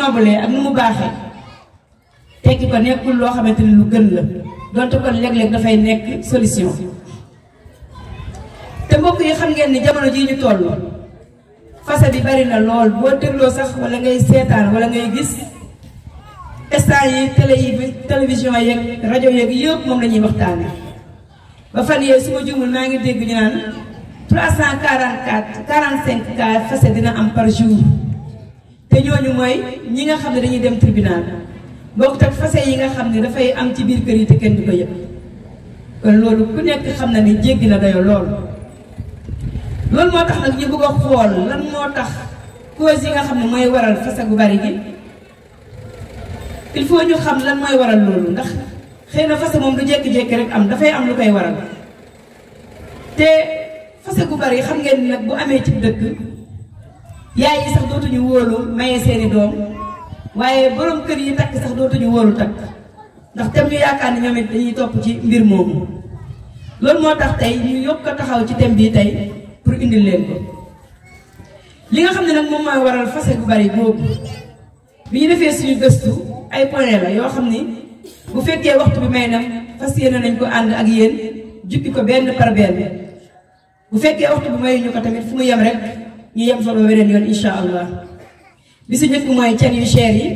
nobalee ak nu mu baaxee tekki ko nekkul loo xamante ni lu gën la donte kon léeg-léeg dafay nekk solution te mbokk yi xam ngeen ni jamono jii ñu toll fase bi bari na lool boo dégloo sax wala ngay seetaan wala ngay gis instant yi télé yi télévision yeeg rajo yeeg yëpp moom la ñuy waxtaane ba fan yee su ma juumul maa ngi dégg ñu naan 344 45 cas fase dina am par jour te ñooñu mooy ñi nga xam ne dañuy dem tribunal bokkut ak fase yi nga xam ne dafay am ci biir kër yi te kenn du ko yëg kon loolu ku nekk xam na ne jéggi na dayo loolu loolu moo tax nag ñu bëgg a xool lan moo tax cause yi nga xam ne mooy waral fase gu bari gi il faut ñu xam lan mooy waral loolu ndax xëy na fase moom du jékki-jékki rek am dafay am lu koy waral te fase gu bari xam ngeen nag bu amee ci dëkk yaay yi sax dootuñu wóolu maye seeni doom waaye borom kër yi takk sax dootuñu wóolu takk ndax tem ñu yaakaar ne ñoom it dañuy topp ci mbir moomu loolu moo tax tey ñu yokk ko taxaw ci tem bii tey pour indil leen ko li nga xam ne nag moom mooy waral fase bu bari boobu bi ñu defee suñu gëstu ay point la yoo xam ne bu fekkee waxtu bi may nam fas yéene nañ ko ànd ak yéen jubbi ko benn par benn bu fekkee waxtu bi mayuñu ko tamit fu mu yem rek ñu yem solo weneen yoon incha allah bi si njëkk mooy cen yu cher yi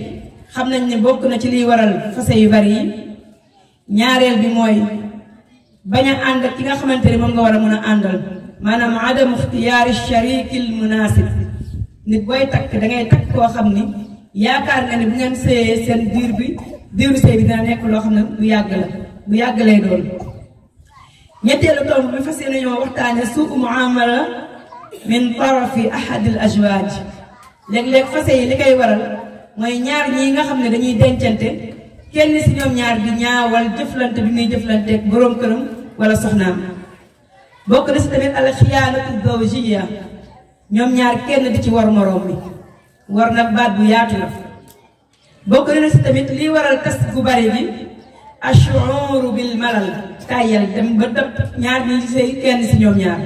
xam nañ ne bokk na ci liy waral fase yu bari yi ñaareel bi mooy bañ a ànd ki nga xamante ne moom nga war a mën a àndal maanaam adam ixtiyaari sharikil munasib nit booy takk dangay takk koo xam ni yaakaar nga ne bu ngeen sëyee seen diir bi diiru sëy bi dina nekk loo xam ne bu yàgg la bu yàgg lay doon ñetteelu tomb bi fas yéene ñoo waxtaane suu muamala min tarafi ahad al azwaj léeg fase yi li koy waral mooy ñaar ñii nga xam ne dañuy dencante kenn ci ñoom ñaar di ñaawal jëflante bi muy jëflanteeg boroom këram wala soxnaam bokk na ci tamit al xiyaanatu zawjiyya ñoom ñaar kenn di ci war moroom bi war na baat bu yaatu la bokk na ci tamit liy waral kas bu bari bi ashuuru bil malal kàyyal dem ba dab ñaar ñi ci kenn ci ñoom ñaar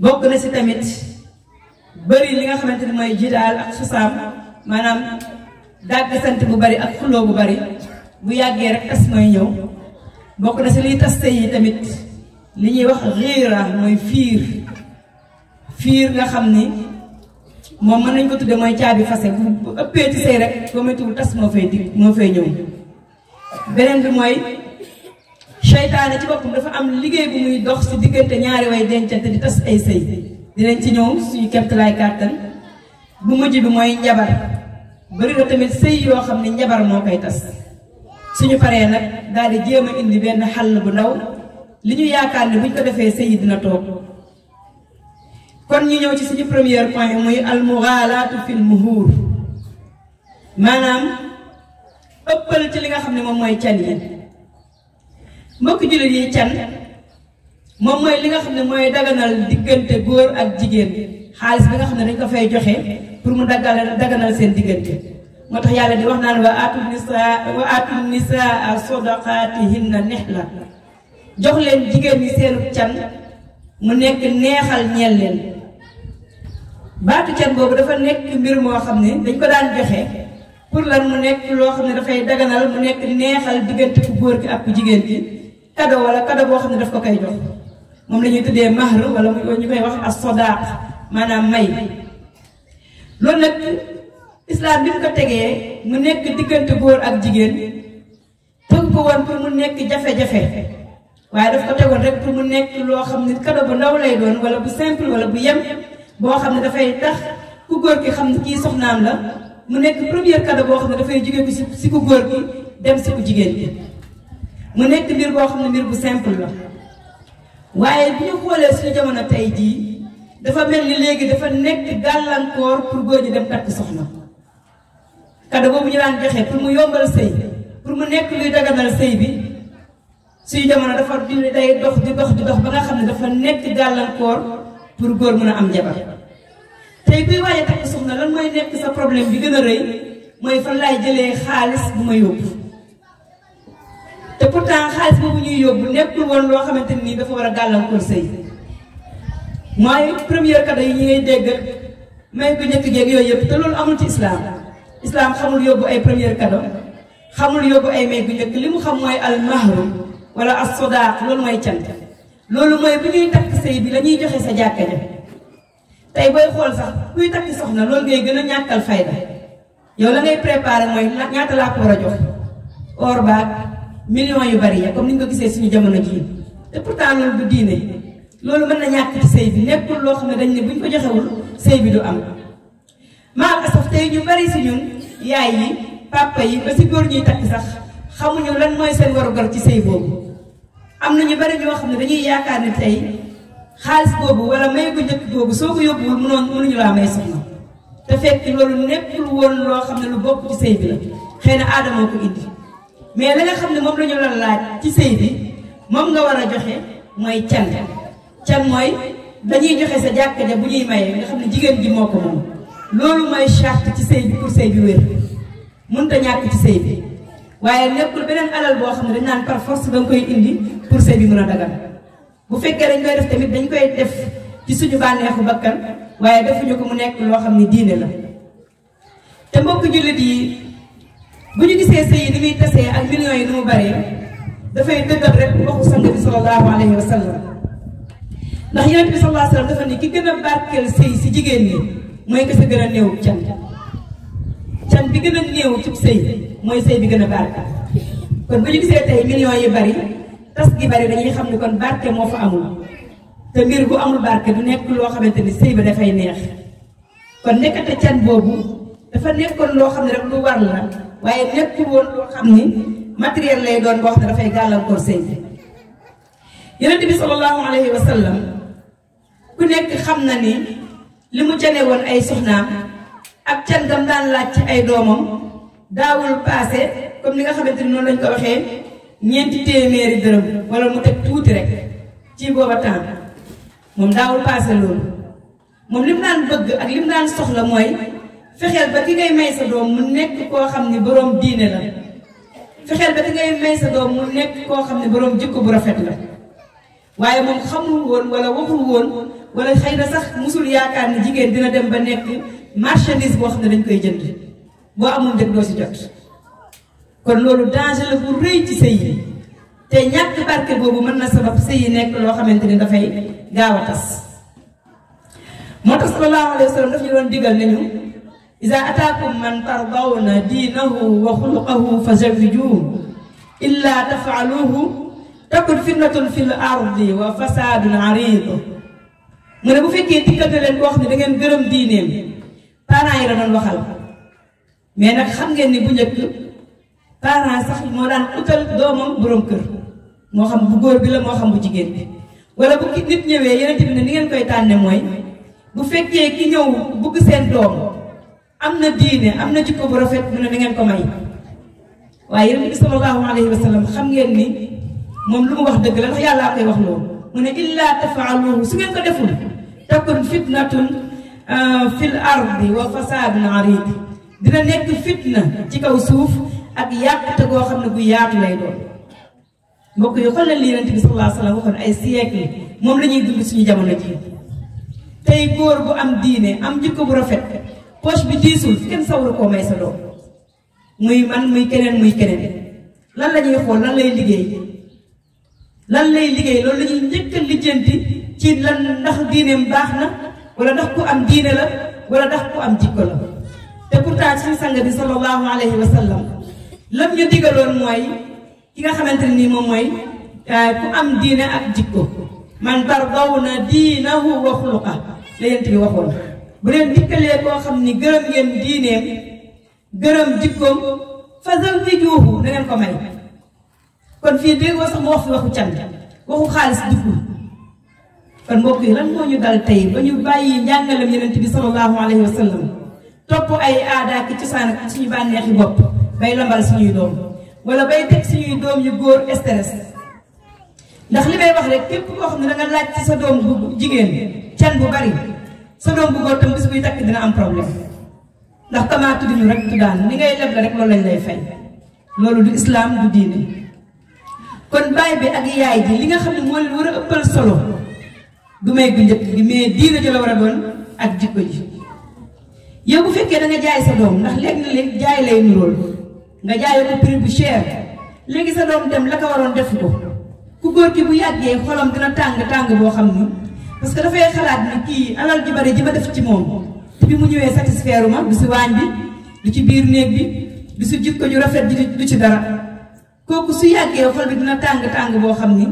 bokk na si tamit bëri li nga xamante ne mooy jidaal ak xusaam maanaam dàgg sant bu bari ak xuloo bu bari bu yàggee rek tas mooy ñëw bokk na si liy tas sëy yi tamit li ñuy wax riira mooy fiir fiir nga xam ni moom mën nañ ko tudde mooy caabi fase bu ëppee ci sëy rek ba muy tuul tas moo fay dig moo fay ñëw beneen bi mooy seytaane ci boppam dafa am liggéey bu muy dox si diggante ñaari way dencante di tas ay sëy dinañ ci ñëw suñu kemtalaay kàrtan bu mujj bi mooy njabar bëri na tamit sëy yoo xam ne njabar moo koy tas suñu paree nag daal di jéem a indi benn xàll bu ndaw li ñu yaakaar ne buñ ko defee sëy yi dina toog kon ñu ñëw ci suñu premier point muy almuxaalaatu fil muhuur maanaam ëppal ci li nga xam ne moom mooy can yi mbokk jullit yi can moom mooy li nga xam ne mooy dagganal diggante góor ak jigéen xaalis bi nga xam ne dañ ko fay joxe pour mu daggal daganal seen diggante moo tax yàlla di wax naan wa aatu nisaa wa aatu nisaa sadaqaatihinna nihla jox leen jigéen ñi seenu can mu nekk neexal ñeel leen baatu can boobu dafa nekk mbir moo xam ne dañ ko daan joxe pour lan mu nekk loo xam ne dafay daganal mu nekk neexal diggante ku góor gi ak ku jigéen gi cadeau wala cadeau bo xamne daf ko kay jox mom lañuy tuddé mahru wala muy ñu koy wax as sadaq manam may lool nak islam bi ko tégué mu nekk digënté goor ak jigen tok ko won pour mu nekk jafé jafé waye daf ko tegoon rek pour mu nekk lo xamne cadeau bu ndaw lay doon wala bu simple wala bu yam bo xamne da fay tax ku goor ki xamne ki soxnaam la mu nekk premier cadeau bo xamne da fay jigen ci ku goor ki dem ci ku jigen ki mu nekk mbir boo xam ne mbir bu simple la waaye bu ñu xoolee suñu jamono tey jii dafa mel ni léegi dafa nekk gàllankoor pour góor ñi dem takk soxna kado boobu ñu daan joxe pour mu yombal sëy pour mu nekk luy daganal sëy bi suñu jamono dafa di day dox di dox di dox ba nga xam ne dafa nekk gàllankoor pour góor mën a am jabar tey kuy waaye takk soxna lan mooy nekk sa problème bi gën a rëy mooy fan laay jëlee xaalis bu ma yóbbu te pourtant xaalis boobu ñuy yóbbu nekkul woon loo xamante ni dafa war a gàllankoor sëy mooy première cadeau yi ñu ngay dégg may ko njëkk jéeg yooyu yëpp te loolu amul ci islam islam xamul yóbbu ay première cadeau xamul yóbbu ay may gu li mu xam mooy al mahru wala as sodaq loolu mooy cant loolu mooy bu ñuy takk sëy bi la ñuy joxe sa jàkka ja tey booy xool sax kuy takk soxna loolu ngay gën a ñàkkal fayda yow la ngay préparé mooy ñaata laa ko war a jox million yu bari ya comme ni ñu ko gisee suñu jamono jii te pourtant loolu du diine loolu mën na ñàkk ci sëy bi nekkul loo xam ne dañ ne bu ñu ko joxewul sëy bi du am maam asaf ñu bari si ñun yaay yi papa yi ba si góor ñuy takk sax xamuñu lan mooy seen warugar ci sëy am na ñu bari ñoo xam ne dañuy yaakaar ne tey xaalis boobu wala may gu njëkk soo ko yóbbuwul mënoon ñu laa may soxna te fekk loolu nekkul woon loo xam ne lu bokk ci sëy bi la xëy na aadamoo ko indi mais la nga xam ne moom la ñu la laaj ci sëy bi moom nga war a joxe mooy can can mooy dañuy joxe sa jàkk ja bu ñuy maye nga xam ne jigéen ji moo ko moom loolu mooy charte ci sëy bi pour sëy bi wér mënta ñàkk ci sëy bi waaye nekkul beneen alal boo xam ne dañ naan par force danga koy indi pour sëy bi mën a dagal bu fekkee dañ koy def tamit dañ koy def ci suñu bànneexu bakkan waaye defuñu ko mu nekk loo xam ne diine la te mbokk jullit yi bu ñu gisee sëy yi ni muy tasee ak millions yi ni mu baree dafay dëggal rek waxu sang bi sallallahu alayhi wa sallam ndax yonent bi sallallahu alayhi wa sallam dafa ni ki gën a barkeel sëy si jigéen ñi mooy ki sa gën a néew can can bi gën a néew cib sëy mooy sëy bi gën a barkeel kon bu ñu gisee tey millions yi bari tas gi bari dañuy xam ne kon barke moo fa amul te mbir bu amul barke du nekk loo xamante ni sëy ba dafay neex kon nekkate can boobu dafa nekkoon loo xam ne rek lu war la waaye nekk woon loo xam ni matériel lay doon boo xam ne dafay gàllankoor sëy bi yonent bi sallallahu alayhi wa sallam ku nekk xam na ni li mu jane woon ay soxnaam ak can gam daan laaj ci ay doomam daawul paase comme ni nga xamante ni noonu lañ ko waxee ñeenti téeméeri dërëm wala mu teg tuuti rek ci booba temps moom daawul paase loolu moom li mu daan bëgg ak li mu daan soxla mooy fexel ba ki ngay may sa doom mu nekk koo xam ne boroom diine la fexel ba ki ngay may sa doom mu nekk koo xam ne boroom jikko bu rafet la waaye moom xamul woon wala waxul woon wala xëy na sax musul yaakaar ni jigéen dina dem ba nekk marchandise boo xam ne dañ koy jënd boo amul dëgg doo si jot kon loolu danger la bu rëy ci sëy yi te ñàkk barke boobu mën na sabab sëy yi nekk loo xamante ni dafay gaaw a tas moo tax sallallahu alayhi wa sallam daf ñu doon digal nañu إذا أتاكم من ترضون دينه وخلقه فزوجوه إلا تفعلوه تكن فتنة في الأرض وفساد عريض mu ne bu fekkee dikkal na leen wax ni da ngeen gërëm diineem parents yi la doon waxal mais nag xam ngeen ni bu njëkk parents sax moo daan utal doomam borom kër moo xam bu góor bi la moo xam bu jigéen bi wala bu nit ñëwee yeneen bi ni ngeen koy tànne mooy bu fekkee ki ñëw bëgg seen doom amna diine amna ci ko bu rafet mu ne da ngeen ko may waaye yonent bi sallallahu alayhi wa sallam xam ngeen ni moom lu mu wax dëgg la ndax yàllaa koy wax loolu mu ne illa tafaaluhu su ngeen ko deful takun fitnatun euh, fil ardi wa fasadun arid dina nekk fitna ci kaw suuf ak yàqte goo xam ne bu yaatu lay doon mbokk yi xoolal li yonent bi sallallahu alayhi wa sallam waxoon ay siècle moom la ñuy dund suñu jamono ji tey góor bu am diine am jikko bu rafet poche bi diisul kenn sawaru koo may sa doom muy man muy keneen muy keneen lan la ñuy xool lan lay liggéey lan lay liggéey loolu la ñuy njëkk a lijjanti ci lan ndax diineem baax na wala ndax ku am diine la wala ndax ku am jikko la te pourtant suñu sang bi sallallahu alayhi wa sallam lam ñu digaloon mooy ki nga xamante ne nii moom mooy euh, ku am diine ak jikko man tardawna diinahu wa xuluqa la yent bi waxoon bu leen dikkalee koo xam ni gërëm ngeen diineem gërëm jikkoom fasal fi juuxu na ngeen ko may kon fii déggoo sax mu wax fi waxu cant waxu xaalis dikkul kon mbokk yi lan moo ñu dal tey ba ñu bàyyi njàngalem yonent bi sallallahu alayhi wa sallam topp ay aada ak cosaan ak suñu bànneexi bopp bay lambal suñuy doom wala bay teg suñuy doom yu góor stress ndax li may wax rek képp koo xam ne da nga laaj ci sa doom bu jigéen can bu bari sa doom bu góor bis buy takk dina am problème ndax tamaatu duñu rek tu dal ni ngay leble rek loolu lañ lay fay loolu du islam du diine kon bay bi ak yaay ji li nga xamni mo leen wara ëppal solo du may gu ñepp gi mais diine ji la wara doon ak jikko ji yow bu fekke da nga jaay sa doom ndax leg na leg jaay lay nuróol nga jaay ko prix bu cher legi sa doom dem la ka waroon def ko ku gor ki bu yagge xolam dina tang tang bo xamni parce que fay xalat ni ki alal gi bari jima def ci mom te bi mu ñewé satisfaire ma du ci wañ bi du ci biir neeg bi du ci jikko ju rafet ji du ci dara koku su yagge xol bi dina tang tang bo xamni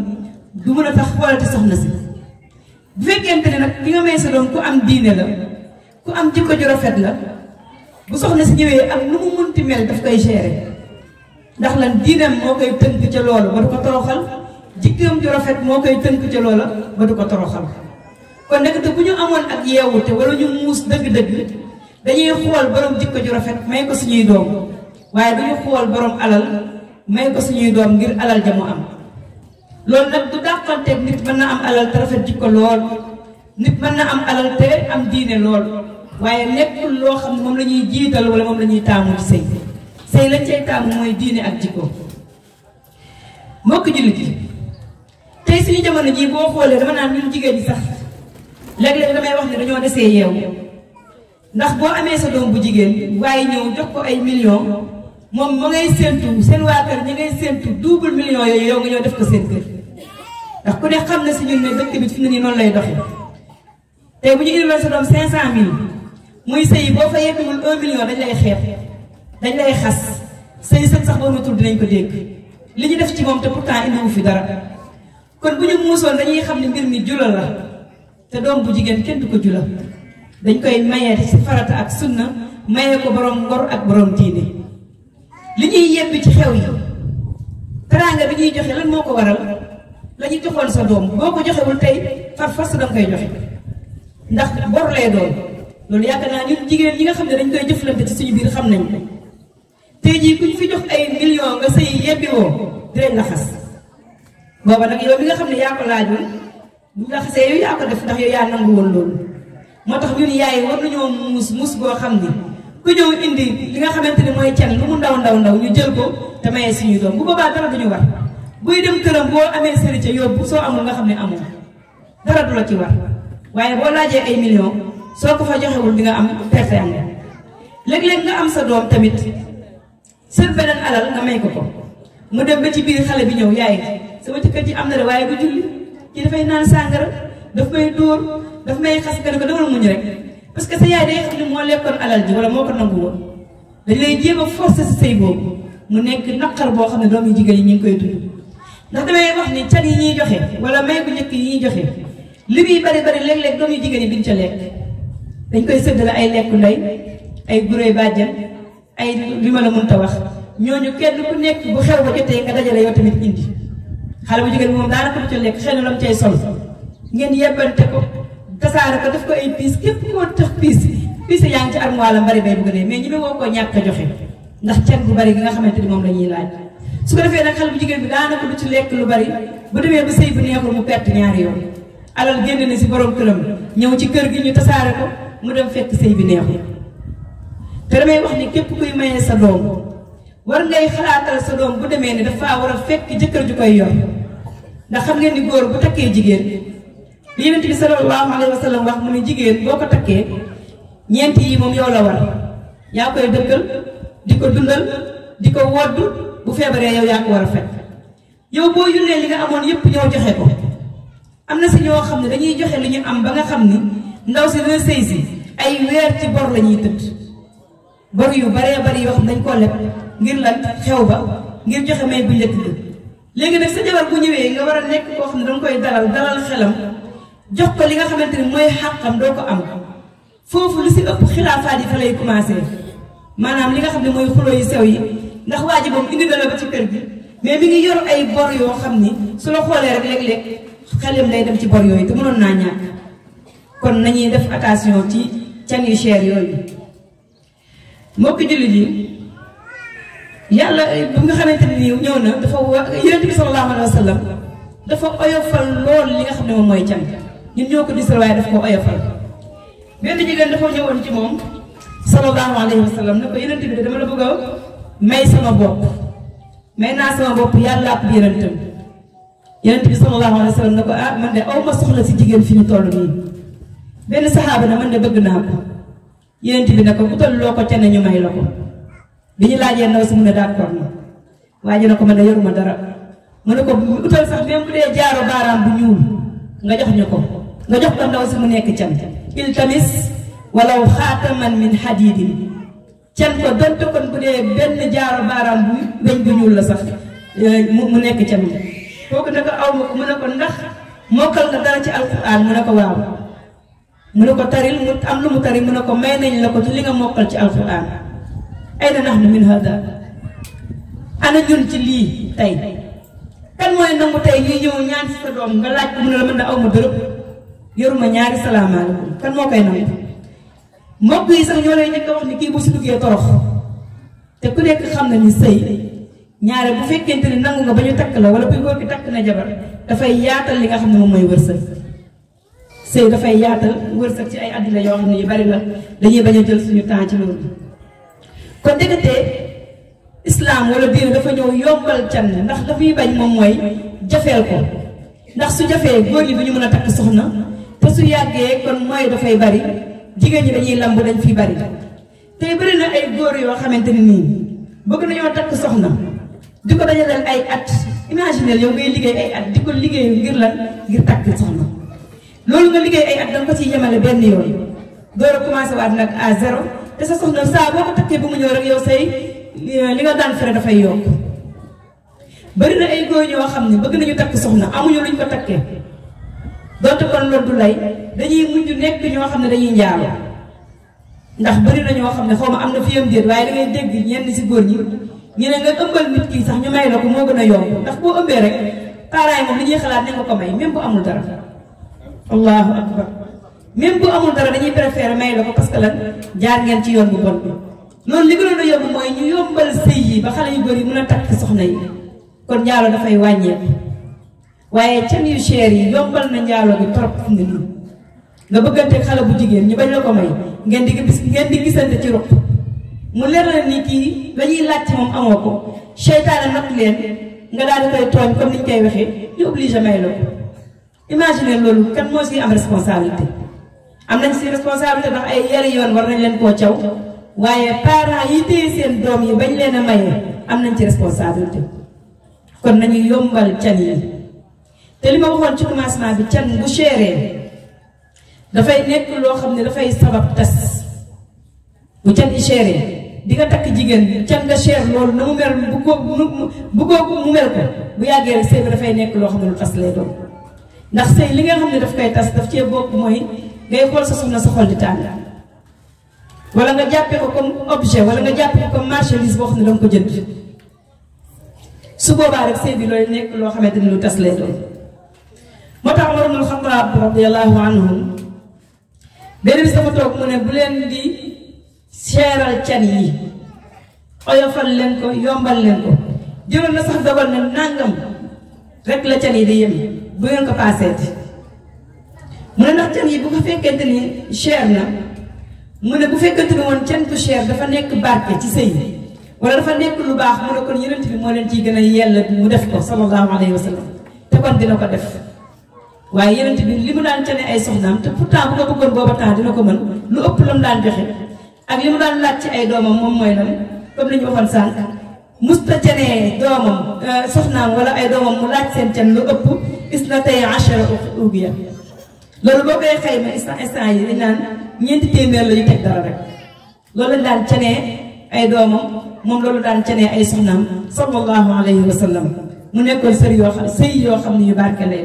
du mëna tax xolati soxna ci bu fekkente ne nak ki nga may sa ku am diiné la ku am jikko ju rafet la bu soxna ci ñewé ak nu mu munti mel daf koy gérer ndax lan diineem mo koy teunk ci lool ba du ko toroxal jikkoom ju rafet mo koy teunk ci loola ba du ko toroxal kon nak te buñu amone amoon ak yeewute wala ñu mus deug deug dañuy xol borom jikko ju rafet may ko suñuy doom waye duñu xol borom alal may ko suñuy doom ngir alal ja mu am lool nak du dàqanteeg nit man na am alal te rafet jikko lool nit man na am alal te am diine lool waye nekkul lo xam mom lañuy jital wala mom la ñuy taamu ci sëy lañ cey taamu moy diine ak jikko mbokk jullit yi tey suñu jamono ji bo xolé dama naan ñu jigeen sax léeg-léeg damay wax ne dañoo desee yeewu ndax boo amee sa doom bu jigéen waaye ñëw jox ko ay millions moom ma ngay séentu seen waa kër ñi ngay séentu double million yooyu yow nga ñoo def ko seen kër ndax ku ne xam ne si ñu ne dëkk bi fi mu ne nii noonu lay doxe tey bu ñu indiloon sa doom 500000 muy sëy boo fa yeggamul 1 million dañ lay xeeb dañ lay xas sëy sën sax boo ma tur dinañ ko dégg li ñu def ci moom te pourtant indiwu fi dara kon bu ñu muusoon dañuy xam ne mbir mi jula la. te doom bu jigéen kenn du ko jula dañ koy mayee ci farata ak sunna mayee ko borom ngor ak borom diine li ñuy yebbi ci xew yi teraanga bi ñuy joxe lan moo ko waral la ñu joxoon sa doom boo ko joxewul tey far fas danga koy joxe ndax bor lay doom loolu yaakaar naa ñun jigéen ñi nga xam ne dañ koy jëflante ci suñu biir xam nañ ko jii ku ñu fi jox ay million nga sëy yebbi woo dinañ la xas booba nag yow bi nga xam ne yaa ko laajul bu laxasee yow yaa ko def ndax yow yaa nangu woon loolu moo tax ñun yaay war nañoo muus muus boo xam ni ku ñëw indi li nga xamante ni mooy can lu mu ndaw ndaw ndaw ñu jël ko te si suñuy doom bu boobaa dara duñu war buy dem këram boo amee sëriñ ca yóbbu soo amul nga xam ne amul dara du la ci war waaye boo laajee ay million soo ko fa joxewul di nga am perte am nga léeg-léeg nga am sa doom tamit seen beneen alal nga may ko ko mu dem ba ci biir xale bi ñëw yaay sama kii dafay naan sàngara daf may dóor daf may xas nga ne ko demal muñ rek parce que sa yaay day xam ne moo lekkoon alal ji wala moo ko nangu dañ lay jéem a forcer si sëy boobu mu nekk naqar boo xam ne doom jigéen yi ñu ngi koy dund ndax damay wax ni cat yi ñuy joxe wala may bu njëkk yi ñuy joxe li muy bari bari léeg-léeg doom yu jigéen yi duñ ca lekk dañ koy séddale ay lekku ndey ay gurey bàjjan ay li ma la mënta wax ñu kenn ku nekk bu xew ba jotee nga dajale yow tamit indi xale bu jigéen bi moom daanaka du ca lekk xëy na lam cay sol ngeen yebbante ko tasaare ko def ko ay piis képp ku ko tax piis piis yaa ngi ci armoire la bari bay bëgg dee mais ñi woo ko ñàkk a na ndax cat bu bari gi nga xamante ni moom la ñuy laaj su ko defee nag xale jigéen bi daanaka du lekk lu bari bu demee ba sëy bu neexul mu perte ñaari yoon alal si borom këram ñëw ci kër gi ñu tasaare ko mu dem fekk sëy bi neexul te damay wax ni képp kuy mayee sa doom war ngay xalaatal sa doom bu demee ni dafa war a fekk jëkkër ju koy yor ndax xam ngeen ni góor bu takkee jigéen lii yonent bi sallallahu alayhi wa sallam wax mu ne jigéen boo ko takkee ñeent yi moom yow la war yaa koy dëkkal di ko dundal di ko wodd bu feebaree yow yaa ko war a fekk yow boo yónnee li nga amoon yépp ñoo joxe ko am na si ñoo xam ne dañuy joxe li ñu am ba nga xam ni ndaw si dana sëy si ay weer ci bor la ñuy tëdd bor yu bare bari yoo xam dañ ngir lan xew ba ngir joxe may bu njëkk bi léegi nag sa jabar ñëwee nga war a nekk koo xam ne danga koy dalal dalal xelam jox ko li nga xamante ni mooy xàqam doo ko am foofu lu si ëpp xilaafaat yi fa lay commencé maanaam li nga xam ne mooy xuloo yu sew yi ndax waa ji moom indi na la ci kër gi mais mi ngi yor ay bor yoo xam ni su la xoolee rek léeg-léeg xelam lay dem ci bor yooyu te mënoon naa ñàkk kon nañuy def attention ci can yu cher yooyu mbokki jullit yi yàlla bi nga xamante ne nii ñëw na dafa wa yonent bi sallallahu alayhi wa dafa oyofal lool li nga xam ne moom mooy can ñun ñoo ko disal waaye daf ko oyofal benn jigéen dafa ñëwoon ci moom sallallahu alayhi wa sallam ne ko yonent bi de dama la bëgg a may sama bopp may naa sama bopp yàlla ak yonentam yonent bi sallallahu alayhi wa sallam ne ko ah man de aw soxla si jigéen fi ñu toll nii benn saxaaba na man de bëgg naa ko yonent bi ne ko ku toll loo ko can ñu may la ko bi ñu laajee ndaw si mu ne d'accord na waaye ñu ne ko man de yoruma dara mu ne ko utal sax même jaaro baaraam bu ñuul nga jox ñu ko nga jox ko ndaw si mu nekk cam can il tamis walaw man min xadiidin can ko donte kon bu dee benn jaaro baaraam bu weñ bu ñuul la sax euh, mu nekk can kooku ne ko aw ma ko mu ne ko ndax mokkal nga dara ci alquran mu ne ko waaw mu ne ko taril mu am lu mu tari mu ne ko may nañ la ko ci li nga mokkal ci alquran ay ayna nahnu min hada ana ñun ci lii tey kan mooy nangu tey ñuy ñëw ñaan si sa doom nga laaj ko mu la mën na aw ma dërëb yoruma ñaari salaamaaleykum kan moo koy nangu mbokk yi sax ñoo lay njëkk wax ni kii bu si duggee torox te ku nekk xam na ni sëy ñaare bu fekkente ni nangu nga ba ñu takk la wala bu góor gi takk na jabar dafay yaatal li nga xam ne moom mooy wërsëg sëy dafay yaatal wërsëg ci ay àddina yoo xam ne yu bari la dañuy bañ a jël suñu temps ci kon dëggatee islam wala diine dafa ñëw yombal can ndax dafay bañ moom mooy jafeel ko ndax su jafee góor ñi du ñu mën a takk soxna te su yàggee kon mooy dafay bari jigéen ñi dañuy lamb dañ fiy bari te bari na ay góor yoo xamante ne nii bëgg nañoo takk soxna di ko dajaleel ay at imaginer yow ngay liggéey ay at di ko liggéey ngir la ngir takk soxna loolu nga liggéey ay at danga ko ci yemale benn yoon door a commencé waat nag à zéro te sa na saa boo ko takkee bu mu ñëw rek yow say eh, li nga daan fere dafay yokk bari na ay góor ñoo xam ne bëgg nañu takk soxna amuñu luñ ko takkee doonte kon loolu du lay dañuy mujj nekk ñoo xam ne dañuy njaalo ndax bëri na ñoo xam ne xaw am na fi yam déet waaye da ngay dégg ñenn si góor ñi ñu ne nga ëmbal nit kii sax ñu may la ko moo gën a yomb ndax boo ëmbee rek taaraay moom li ñuy xalaat ne nga ko may même bu amul dara allahu akbar même ko amul dara dañuy préféré may la ko parce que lan jaar ngeen ci yoon bu bon bi loolu li gënoon a yomb mooy ñu yombal sëy yi ba xale yu bëri mën a takk soxna yi kon njaalo dafay wàññeeku waaye can yu cher yi yombal na njaalo bi trop fu nga nii nga bëggante xale bu jigéen ñi bañ la ko may ngeen di gis ngeen di gisante ci ruq mu leer la ni kii la ñuy laaj ci moom amoo ko seytaane nag leen nga daal di koy tooñ comme ni ñu koy waxee ñu obligé may la ko imagine loolu kan moo siy am responsabilité. am nañ si responsabilité ndax ay yari yoon war nañ leen koo caw waaye parent yi téye seen doom yi bañ leen a maye am nañ ci responsabilité kon nañu yombal can yi te li ma waxoon ci commencement bi can bu chéré dafay nekk loo xam ne dafay sabab tas bu can yi chéré di nga takk jigéen can nga cher loolu na mu mel bu ko bu ko mu mel ko bu yàggee rek sëy dafay nekk loo xam ne lu tas lay doon ndax sëy li nga xam ne daf koy tas daf cee bokk mooy ngay xol sa soxna sa xol di tan wala nga jappé ko comme objet wala nga jappé ko comme marchandise bo xamné dang ko jënd su boba rek sey bi loy nek lo xamante ni lu tas lay do motax tax Umar ibnul Xattaab radiyallahu anhu benn sama tok mu ne bu len di seeral can yi oyofal len ko yombal len ko jëloon na sax dogal na nangam rek la can yi di yëm bu ngeen ko passé mooy ndax can yi bu ko fekkente ni cher na mu ne bu fekkente ni woon can bu cher dafa nekk baat bi ci sëy wala dafa nekk lu baax mu ne kon yonent bi moo leen ci gën a yella yell mu def ko sallallahu alayhi wa te kon dina ko def waaye yonent bi li mu daan cane ay soxnaam te pourtant bu ko bëggoon booba tax dina ko mën lu ëpp la mu daan joxe ak li mu daan laaj ci ay doomam moom mooy lan comme li ñu waxoon sànq musta canee doomam euh, soxnaam wala ay doomam mu laaj seen can lu ëpp isnatay achara loolu boo koy xayma instant instant yi dañ naan ñeenti téeméer la ñu teg rek loolu lañ daan cenee ay doomam moom loolu daan cenee ay soxnaam sallallahu alayhi wa sallam mu nekkoon sër yoo xam sëy yoo xam ne yu barke lay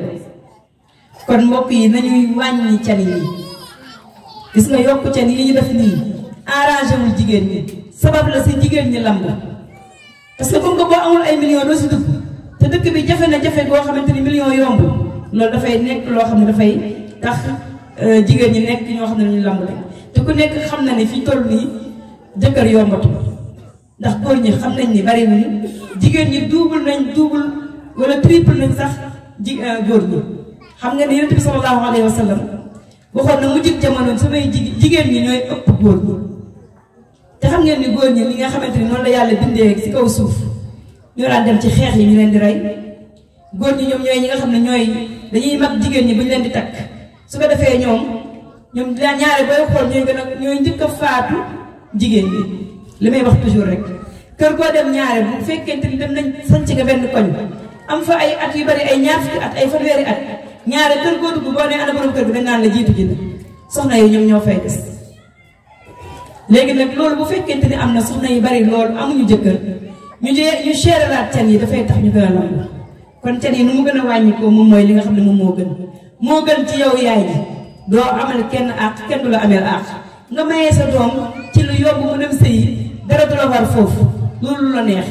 kon mbokk yi nañuy wàññi can yi gis nga yokku can yi ñu def nii arrangé jigéen ñi sabab la si jigéen ñi lamb parce que comme que amul ay millions doo si dugg te dëkk bi jafe na jafe boo xamante ni millions yomb loolu dafay nekk loo xam ne dafay ndax euh, jigéen ñi nekk ñoo xam ne ñu lamb lañ te ku nekk xam na ne fi toll nii jëkkër yombatu ndax góor ñi xam nañ ni bari nañu jigéen ñi duubul nañ duubul wala triple nañ sax ji euh, góor ñi xam nga ne yonent bi sallallahu alayhi wa sallam waxoon na mu jig jamono samay jigéen ñi ñooy ëpp góor te xam ngeen ni góor ñi li nga xamante ni noonu la yàlla bindee ci kaw suuf ñoo daan dem ci xeex yi ñu leen di rey góor ñi ñoom ñooy ñi nga xam ne ñooy dañuy mag jigéen ñi bu ñu leen di takk su ko defee ñoom ñoom daan ñaare booy xool ñooy gën a ñooy njëkk a faatu jigéen bi li may wax toujours rek kër goo dem ñaare bu fekkente ni dem nañ sanc nga benn koñ am fa ay at yu bari ay ñaar fukki at ay fanweeri at ñaare kër goo dugg boo nee bi dañ naan la jiitu jënd soxna yi ñoom ñoo fay des léegi nag loolu bu fekkente ni am na soxna yu bari loolu amuñu jëkkër ñu jee ñu seeralaat can yi dafay tax ñu gën a lamb kon can yi nu mu gën a wàññi ko moom mooy li nga xam ne moom moo gën mo gën ci yow yaay ji doo amal kenn ak kenn du la amel ak nga maye sa doom ci lu yóbbu mu dem sëyi dara du la war foofu loolu la neex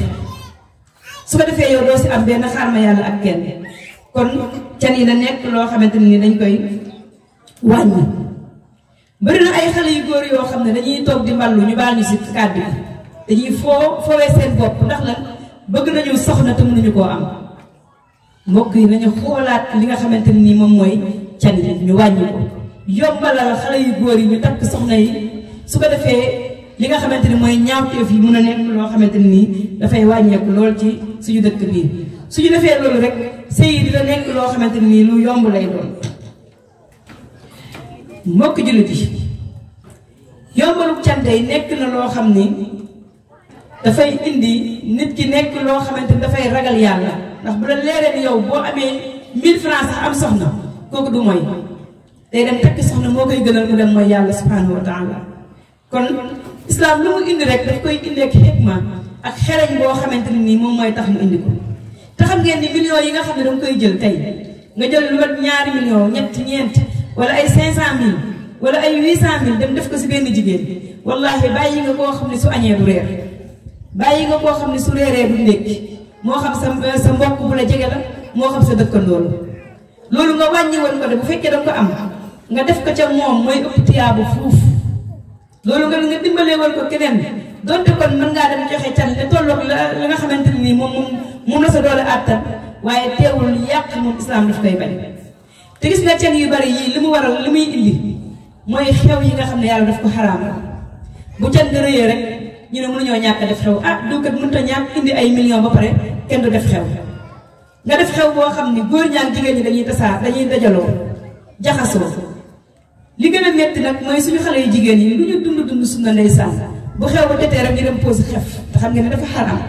su ko defee yow doo si am benn xarma ma yàlla ak kenn kon can yi na nekk loo xamante ni dañ koy wàññi bari na ay xale yu góor yoo xam ne dañuy toog di mballu ñu baal ñu si kàddu dañuy foo foowee seen bopp ndax lan bëgg nañu soxna te mënuñu koo am mbokk yi nañu xoolaat li nga xamanteni ni moom mooy can yi ñu wàññi ko yombalal xale yu góor yi ñu takk soxna yi su ko defee li nga xamante ni mooy ñaawteef yi mun a nekk loo xamante ni dafay wàññeeku lool ci suñu dëkk bii suñu defee loolu rek sëy yi dina nekk loo xamante ni lu yomb lay doon mbokk jullit yi yombalu can day nekk na loo xam ni dafay indi nit ki nekk loo xamante ni dafay ragal yàlla ndax bu la leeree ni yow boo amee 1000 francs sax am soxna kooku du mooy day dem takki soxna moo koy gënal mu dem mooy yàlla subhanahu wa taala kon islam lu mu indi rek daf koy indi ak xikma ak xereñ boo xamante ne nii moom mooy tax mu indi ko te xam ngeen ni millions yi nga xam ne danga koy jël tey nga jël lu mat ñaari millions ñetti ñeent wala ay 500000 wala ay 800000 dem def ko si benn jigéen wallahi bàyyi nga koo xam ne su añee du reer bàyyi nga koo xam ne su reeree du ndékki moo xam sa sa mbokk bu la jege la moo xam sa dëkkandoo la loolu nga wàññi woon ko de bu fekkee da ko am nga def ko ca moom mooy ëpp tiyaabu fuuf loolu nga nga dimbalee woon ko keneen donte kon mën ngaa dem joxe can te tolloog la la nga xamante ne nii moom moom moom la sa doole àttan waaye teewul yàq moom islaam daf koy bañ te gis nga can yu bari yii li mu waral li muy indi mooy xew yi nga xam ne yàlla daf ko xaraam bu can nga rek. ñu ne mënuñoo ñàkk def xew ah donc mënut a ñàkk indi ay millions ba pare kenn du def xew nga def xew boo xam ne góor ñaak jigéen ñi dañuy tasaar dañuy dajaloo jaxasoo li gën a métti nag mooy suñu xale yu jigéen ñi lu ñu dund dund suñu ndeysaan bu xew ba tetee rek ñu dem pose xef xam nga ne dafa xaram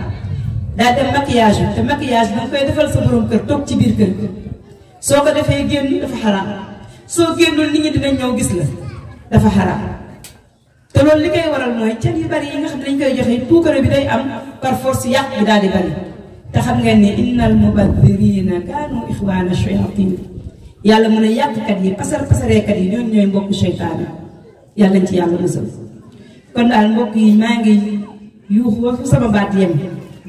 daa dem maquillage bi te bu bi koy defal sa borom kër toog ci biir kër soo ko defee génn dafa xaram soo génnul nit ñi dinañ ñëw gis la dafa xaram te loolu li koy waral mooy can yu bari yi nga xam ne dañ koy joxe puukare bi day am par force yàq bi daal di bari te xam ngeen ne innal mubadirina kaanu ixwaana yàlla mu ne yàqkat yi pasar pasareekat yi ñoom mbokku seytaane yàlla nañ ci yàlla musal kon mbokk yi maa ngi yuuxu ba fu sama baat yem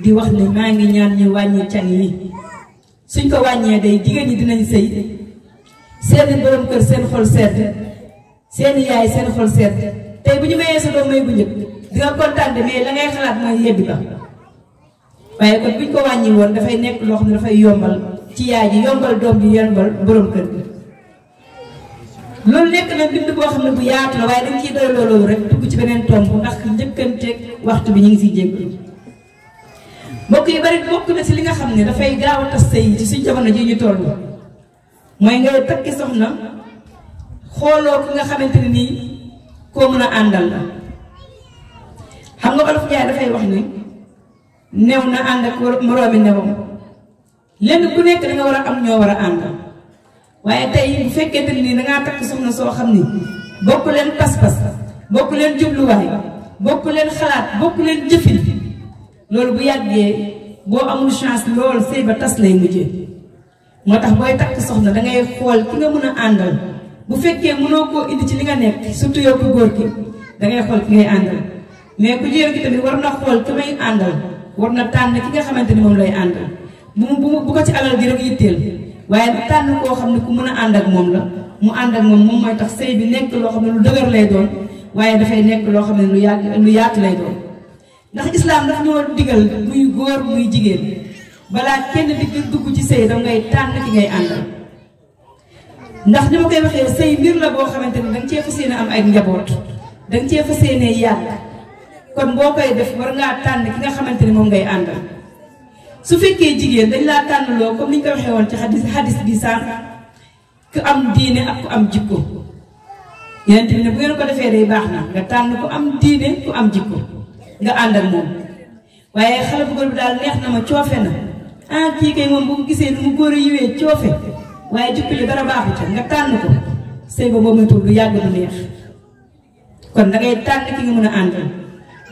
di wax ne maa ngi ñaan ñu wàññi can yi suñ ko wàññee day jigéen yi dinañ sëy seeni borom kër seen xol sedd seeni yaay seen xol sedd tey bu ñu mayee sa doom may bu njëkk di nga kontaan mais la ngay xalaat mooy yebbi ba waaye kon buñ ko wàññi woon dafay nekk loo xam ne dafay yombal ci yaay ji yombal doom ji yombal borom kër gi loolu nekk na bind boo yaatu la waaye dañ ciy ci beneen tomb ndax njëkkanteeg waxtu bi ñu ngi siy jéggi yi bari bokk na si li nga xam ne dafay gaaw a tas sëy ci suñ jamono ji ñu toll mooy ngay takki soxna xooloo ki nga xamante ne nii koo mën a àndal la xam nga olof Njaay dafay wax ni new na ànd ak moroomi newam lenn ku nekk da nga war a am ñoo war a ànd waaye tey bu fekkente ni dangaa takk soxna soo xam ni bokk leen pas-pas bokk leen jubluwaay bokk leen xalaat bokk leen jëfin loolu bu yàggee boo amul chance lool sëy ba tas lay mujjee moo tax booy takk soxna dangay xool ki nga mën a àndal bu fekke mëno ko indi ci li nga nek surtout yow ko gor ki da ngay xol ki ngay andal mais ku jëw ki tamit war na xol ki may andal war na tan ki nga xamanteni mom lay andal bu bu ko ci alal ji rek yittel waye bu tan ko xamni ne ku mëna andal mom la mu andal mom mom moom tax sey bi nek lo xamni ne lu deugar lay doon waye da fay nek lo ne lu yàgg lu yaatu lay doon ndax islam daf ñoo digal muy gor muy jigéen bala kenn di dugg ci sey da ngay tan ki ngay andal ndax ni koy waxe sey bir la bo xamanteni ni ci cee am ay njabot danga ci fas yalla kon bokay def war ngaa tan ki nga xamanteni mom ngay àndal su fekke jigéen dañ la tan lo comme niñ ko waxe won ci hadith hadith bi sa ku am diine ak am jikko yent bi ne bu ngeen ko defé day baxna nga tan ku am diine ku am jikko nga ànd ak moom waaye xale bu gol bi neex na ma ciofena ah ki kay mom bu ko gisee nu mu góor a yiwee waaye jikko ji dara baaxu ca nga tànn ko sëy ba boo moytuwul lu yàgg du neex kon da ngay tànn ki nga mën a àndal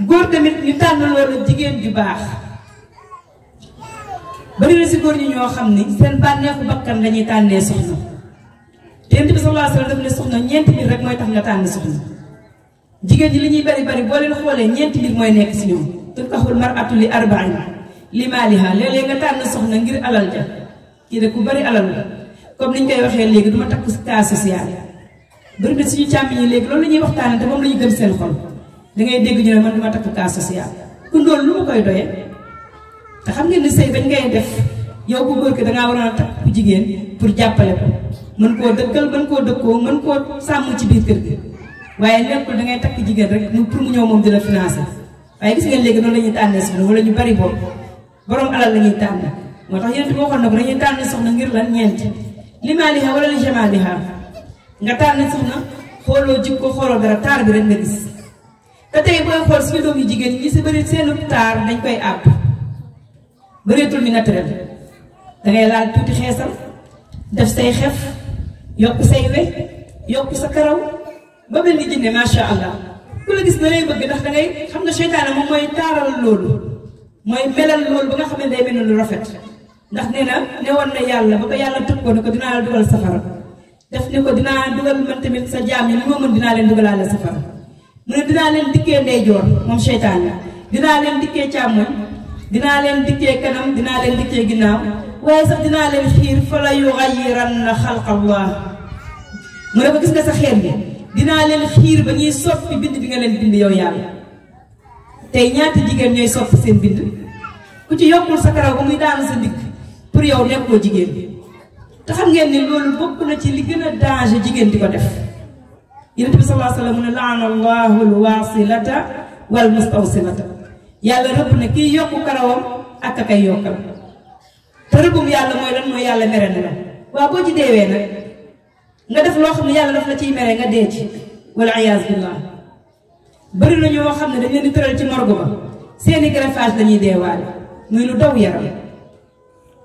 góor tamit ñu tànn loolu jigéen ju baax bari na si góor ñi ñoo xam ni seen bànneexu bakkan lañuy tànnee soxna te Yonent bi sallallahu alayhi wa sallam daf ne soxna ñeenti mbir rek mooy tax nga tànn soxna jigéen ji li ñuy bari bari boo leen xoolee ñeenti mbir mooy nekk si ñoom tunkaxul mar'atu li arba'in li maaliha léeg-léeg nga tànn soxna ngir alal ja kii de bari alal comme niñ koy waxé légui duma takku cas social bëri na suñu càmmiñ yi légui loolu ñuy waxtaan té moom lañu gëm seen xol da ngay dégg ñu ne man duma takku cas social ku ndol lu ma koy doyé te xam ngeen ni sey bañ ngay def yow bu góor ki dangaa waroon a takk ku jigéen pour jappalé ko mën ko dëkkal mën ko dëkkoo mën ko sàmm ci biir kër gi waye nekkul da ngay takk jigen rek mu pour mu ñow mom dina financer waye gis ngeen léegi noonu la ñuy tànnee wala ñu bari bo borom alal la ñuy motax yeen tax yéen it waxoon na ko dañuy tànn soxna ngir lan ñent limaaliha wala li jamaaliha nga tànn soxna xooloo jikko xooloo dara taar bi rek nga gis te tey booy xool suñu doom yu jigéen ñi si bëri seenu taar dañ koy àpp bëreetul mi naturel dangay laal tuuti xeesal def say xef yokk say we yokk sa karaw ba mel ni jinne macha allah ku la gis na lay bëgg ndax dangay xam nga seytaane mooy taaral loolu mooy melal loolu ba nga xam ne day mel lu rafet ndax nena na newoon na yalla ba ko yàlla tëb ko ne ko dina la dugal safar def ne ko dina dugal man tamit sa jami ni mo ma dina len leen dugalaale safara mu ne dinaa leen dikkee ndeyjoor moom seytaan la dina len dikke càmmoñ dina len dikke kanam dina len dikke ginaaw waaye sax dina len xir fa la khalq allah mu ne ko gis nga sa xel bi dina len xir ba ñuy soppi bind bi nga len bind yow yalla tay ñaata jigéen ñoy soppi seen bind ku ci yokul sa karaw bu muy daanu sa dikk pour yow nekkoo jigéen te xam ngeen ni loolu bokk na ci li gën a danger jigéen di ko def yonent bi sallallahu alayhi wa sallam mu ne laana allahu alwasilata yàlla rëbb na kiy yokku karawam ak a kay yokkal te rëbbum yàlla mooy lan mooy yàlla mere na la waaw ci deewee nag nga def loo xam ne yàlla daf la ciy mere nga dee ci wala ayaas billah bari na ñoo xam ne dañ leen di tëral ci morgue ba seeni greffage lañuy deewaale muy lu daw yaram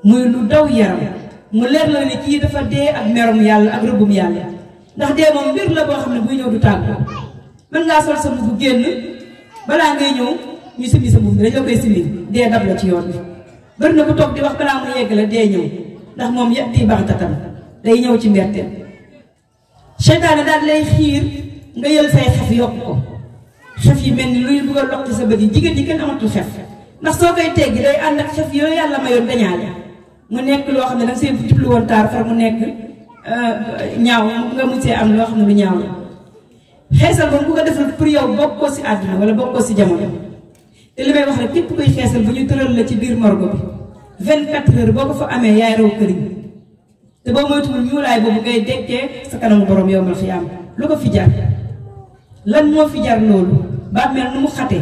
muy lu daw yaram mu leer la ni ki dafa dé ak merum yalla ak rëbbum yalla ndax dé mom bir la bo xam buy ñew du tag man nga sol sa bu génn bala ngay ñew ñu simbi sa mbubb dañ la koy simbi dé dab la ci yoon bir na ko tok di wax bala mu yegg la dé ñew ndax mom yëpp di baxtatam day ñew ci mberteel shaytan da lay xir nga yel say xef yok ko xef yi melni luy bëgg lokk sa bët yi jigéen ñi kenn amatul xef ndax so koy téggi day and ak xef yooyu yalla mayon dañaale mu nekk loo xam ne da nga see jublu woon taar far mu nekk euh, ñaaw nga mu see am loo xam ne lu ñaaw la xeesal boobu ku ko defal pour yow bokkoo si àdduna wala bokkoo si jamono te li may wax rek képp koy xeesal bu ñu tëral la ci biir morgo bi 24 heures boo ko fa amee yaay raw këriñ te boo moytuwul ñuulaay boobu ngay dekkee sa kanamu borom yow ma fi am lu ko fi jar lan moo fi jar loolu bàmmeel nu mu xate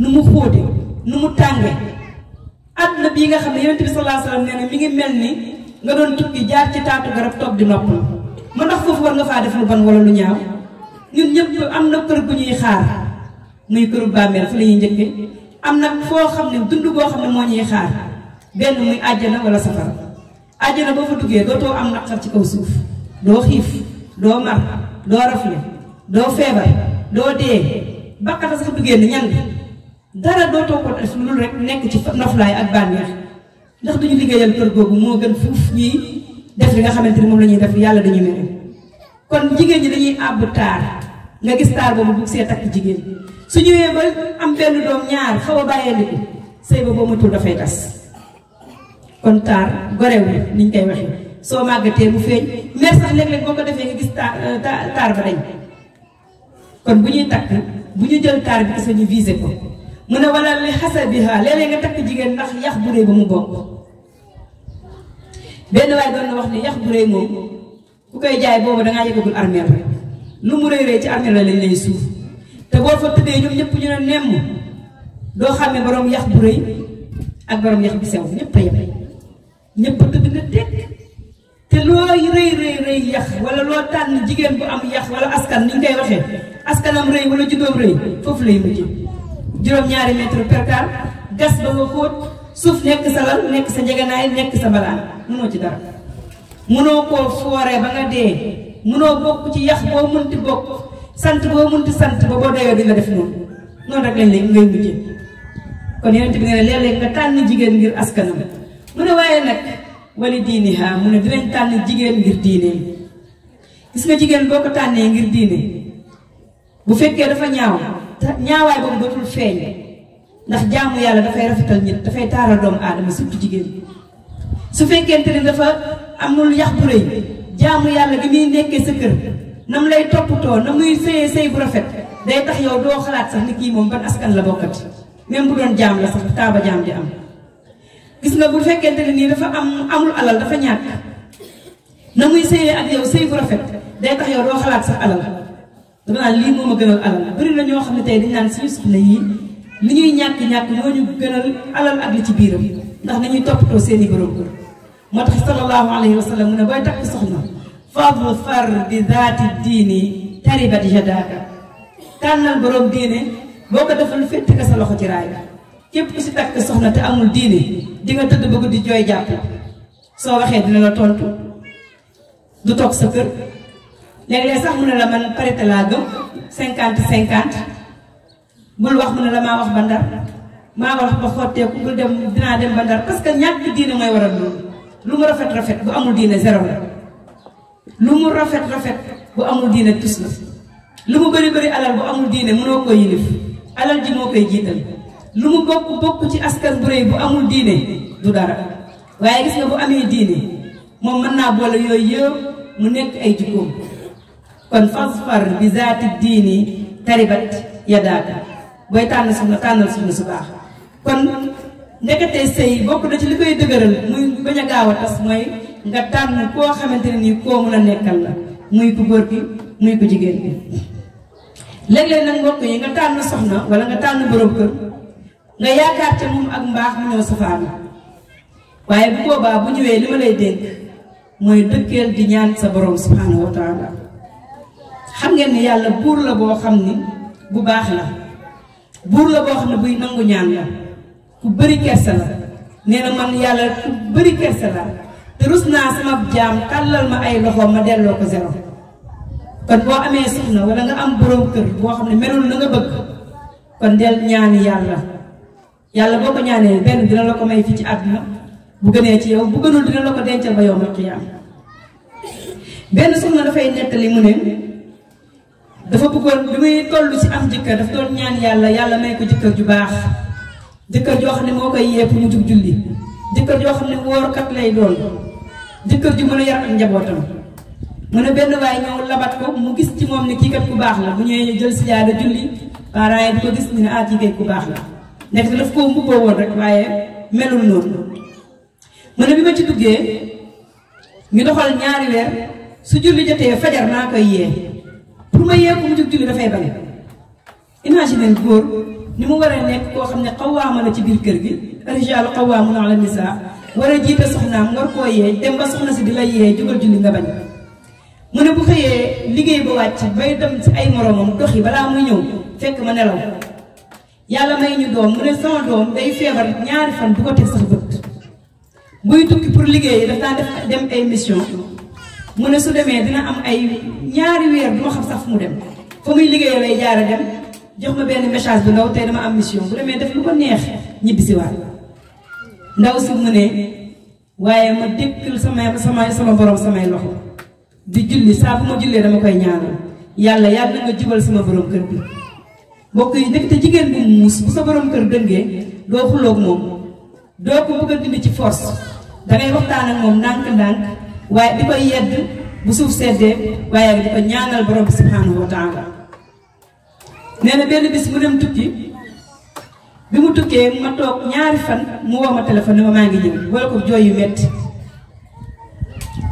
nu mu xóote nu mu tànge àdduna bii nga xam ne yonent bi sallallahu alayhi wa ngi mel ni nga doon tukki jaar ci taatu garab toog di noppal ma a foofu war nga faa def lu ban wala lu ñaaw ñun ñëpp am na kër gu ñuy xaar muy këru la ñuy am na foo xam ne dund goo xam ne moo ñuy xaar benn muy àjjana wala safara àjjana boo fa duggee dootoo am naqar ci kaw suuf doo xiif doo mar doo rafle doo feebar doo dee baqata sax duggee ni ñan dara dootoo ko def lu rek nek ci noflay ak bànneex ndax duñu liggéeyal kër gogu mo gën fuf ñi def li nga xamanteni mom lañuy def yalla dañuy mere kon jigéen ñi dañuy àbb taar nga gis taar boobu bu sé tak jigéen su ñëwé ba am benn doom ñaar xaw a bàyyee liku sëy ba boo matul fay tas kon taar gorew ni ñu koy waxee so magaté mu feñ mer sax lék lék boko défé nga gis euh, taar ba dañ kon buñuy tak buñu jël taar bi kese ñu viser ko mu ne wala li xasabiha léeg-léeg nga takk jigéen ndax yax bu rëy ba mu bokk benn waaye doon na wax ne yax bu rëy moom ku koy jaay boobu dangaa yëgagul armeel rek lu mu rëy rëy ci armeel la lañ lay suuf te boo fa tëddee ñoom ñëpp ñu ne nemm doo xam ne borom yax bu rëy ak borom yax bi sew ñëpp a yem ñëpp tëdd nga te yax wala bu am yax wala askan ni askanam wala lay juroom ñaari per perkaal gas ba nga xóot suuf nekk sa lal nekk sa njeganaay nekk sa mbalaan mënoo ci dara mënoo koo foore ba nga dee mënoo bokk ci yax boo munti bokk sant boo munti sant ba boo di dina def noonu noonu rek lañ lay ngay mujjee kon yonent bi nga ne léeg-léeg nga tànn jigéen ngir askanam mu ne waaye nag wali diini ha mu ne dinañ tànn jigéen ngir diine gis nga jigéen boo ko tànnee ngir diine bu fekkee dafa ñaaw ñaaway boobu dootul feeñ ndax jaamu yàlla dafay rafetal nit dafay taara doomu aadama surtout jigéen su fekkente ne dafa amul yax bu rëy jaamu yàlla gi muy nekkee sa kër nam lay toppatoo na muy sëyee sëy bu rafet day tax yow doo xalaat sax ni kii moom ban askan la bokkati même bu doon jaam la sax taaba jaam di am gis nga bu fekkente ne dafa am amul alal dafa ñàkk na muy sëyee ak yow sëy bu rafet day tax yow doo xalaat sax alal danga naan lii moom a gënal alal bëri na ñoo xam ne tey dañ naan suñu soxna yi li ñuy ñàkk-ñàkk ñoo ñu gënal alal ak li ci biiram ndax nañuy toppatoo seen i borom kër moo tax sallallahu alayhi wa sallam mu ne booy takk soxna fadlu far bi daati diini taribat jadaaka tànnal borom diine boo ko defal fétti ka sa loxo ci raay képp ku si takk soxna te amul diine di nga tëdd bëgg di jooy jàpp soo waxee dina la tontu du toog sa kër léeg-léeg sax mu ne la man parité laa gëm cinquante cinquante bul wax mu ne la maa wax bandar ndar maa wax ba xotteeku bul dem dinaa dem parce que waral lu mu rafet rafet bu amul diine zéro la lu mu rafet rafet bu amul diine tus la lu mu alal bu amul diine mënoo ko yilif alal ji moo koy jiital lu mu ci askan bu rëy bu amul diine du dara waaye gis nga bu amee diine moom mën naa boole mu ay kon fasfar bi zati dini taribat yadaka boy tan sunu tànnal sunu kon ndekete sey bokku na ci likoy koy muy baña gawa tas moy nga tan ko xamanteni ni ko mu la nekkal la muy ku gor bi muy ku jigen bi leg leg nak mbokk yi nga tan soxna wala nga tan borom keur nga yaakaar ci mum ak mbax mu ñoo safaan waye bu boba bu ñewé lima lay dénk moy dekkel di ñaan sa borom subhanahu wa taala xam ngeen ne yàlla buur la boo xam ni bu baax la buur la boo xam ne buy nangu ñaan la ku bëri kersa la nee na man yàlla ku bëri kersa la te rus sama jaam ma ay loxo ma delloo ko zero kon boo amee soxna wala nga am borom kër boo xam ne melul la nga bëgg kon del ñaan yàlla yàlla boo ko ñaanee benn dina la ko may fi ci àdduna bu gënee ci yow bu gënul dina la ko dencal ba yow ma ben benn soxna dafay nettali mu ne dafa bëggoon bi muy toll ci am jëkkër dafa doon ñaan yàlla yàlla may ko jëkkër ju baax jëkkër joo xam ne moo koy yee pour mu jug julli jëkkër joo xam ne woorkat lay doon jëkkër ju mën a yar njabootam mu ne benn waay ñëw labat ko mu gis ci moom ni kii kat ku baax la bu ñëwee ñu jël si jaada julli parents yi ko gis ñu ne ah kii kat ku baax la nekk daf koo mbubboo woon rek waaye melul noonu mu ne bi ma ci duggee ñu doxal ñaari leer su julli jotee fajar maa koy yee pour ma yee ko mu jóg julli dafay bari imagine góor ni mu war a nekk koo xam ne xawaama la ci biir kër gi rijaalu xawaamuuna ala nisaa war a jiite soxnaam war koo yee dem ba soxna si di la yee jógal julli nga bañ mu ne bu xëyee liggéey ba wàcc bay dem si ay moroomam dox yi balaa muy ñëw fekk ma nelaw yàlla may ñu doom mu ne sama doom day feebar ñaari fan bu ko teg sax bët buy tukki pour liggéey daf daan def dem ay mission mu ne su demee dina am ay ñaari weer du ma xam sax fu mu dem fa muy liggéeyoo lay jaara dem jox ma benn message bu ndaw tey dama mission bu demee def lu ko neex ñibbisiwaat ndaw si mu ne waaye ma dëkkal sama sama sama samay loxo di julli ma jullee dama koy ñaanal yàlla yàlla nga jubal sama borom kër yi ndekk te jigéen sa borom kër dëngee doo xuloog ci force dangay waxtaan ak moom ndànk-ndànk waaye di koy yedd bu suuf seddee waaye di ko ñaanal borom bi subhanahu wa na benn bis mu dem tukki bi mu tukkee ma toog ñaari fan mu woo ma téléphone ne ma maa ngi ñëw ko jooy yu metti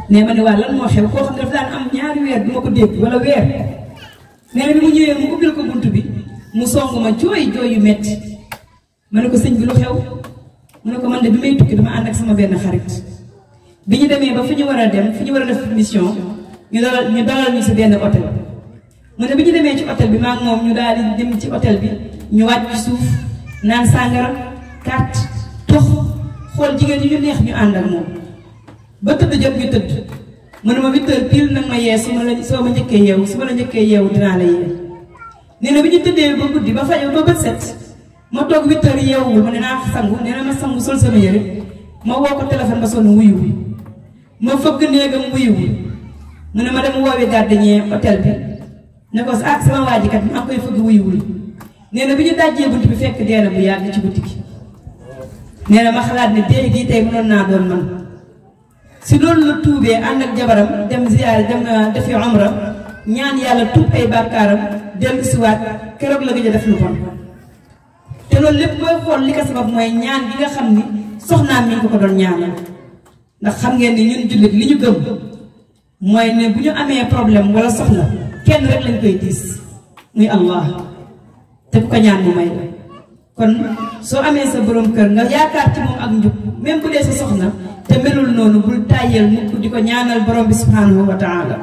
nee ma ne waa lan moo xew koo xam ne dafa daan am ñaari weer du ko dégg wala weer nee na bi mu ñëwee mu ubbil ko bunt bi mu song ma jooy jooy yu metti ma ne ko sëñ bi lu xew mu ne ko man de bi may tukki dama ànd ak sama benn xarit bi ñu demee ba fi ñu war a dem fi ñu war a def mission ñu dalal ñu dalal ñu si benn hôtel mu ne bi ñu demee ci hôtel bi maag moom ñu daal di dem ci hôtel bi ñu wàcc ci suuf naan sàngara carte tox xool jigéen ñi ñu neex ñu àndal moom ba tëdd jot ñu tëdd mu ne ma huit heures pile nag ma yee su ma la soo ma njëkkee yeewu su ma la njëkkee yeewu dinaa la yee nee na bi ñu ba guddi ba fay ba bët ma toog huit heures yeewul ma ne naa sangu nee na ma sangu sol sama yëre ma woo ko téléphone ba sonn wuyu ma fëgg néegam wuyuwul mu ne ma dem woowi gardien hôtel bi ne ko ah sama waa ji kat mu am koy fëgg wuyuwul nee na bi ñu dàjjee bunt bi fekk dee na bu yàgg ci guddi gi nee na ma xalaat ne dee gii tey mënoon naa doon si loolu la tuubee ànd ak jabaram dem ziyaare ah, ñaan yàlla tuub ay bàkkaaram dellu siwaat la def lu bon te loolu lépp mooy xool li ko sabab mooy ñaan gi nga xam ni soxnaam mi ngi ko doon ñaanal ndax xam ngeen ni ñun jullit li ñu gëm mooy ne bu ñu amee problème wala soxla kenn rek lañ koy diis muy allah te bu ko ñaan mu may la kon soo amee sa borom kër nga yaakaar ci moom ak njub même bu dee sa soxna te melul noonu bul tayel mukk di ko ñaanal borom bi subhanahu wa taala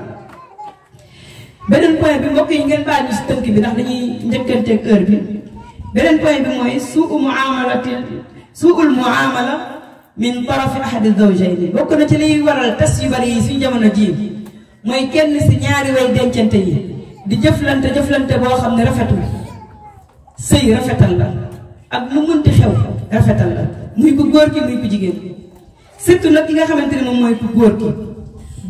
beneen point bi mbokk yi ngeen baaju si tënk bi ndax dañuy njëkkanteeg heure bi beneen point bi mooy suu muamalatil suul muamala من طرف احد الزوجين بوكنا تي لي ورال تسيب لي سي جامونا جي موي كين سي نياري وي دنتنتي دي جفلانت جفلانت بو خامني رافتو سي رافتال با اك نو مونتي خيو رافتال با موي كو غور كي موي كو جيجين سيرتو نك ليغا خامتيني موم موي كو غور كي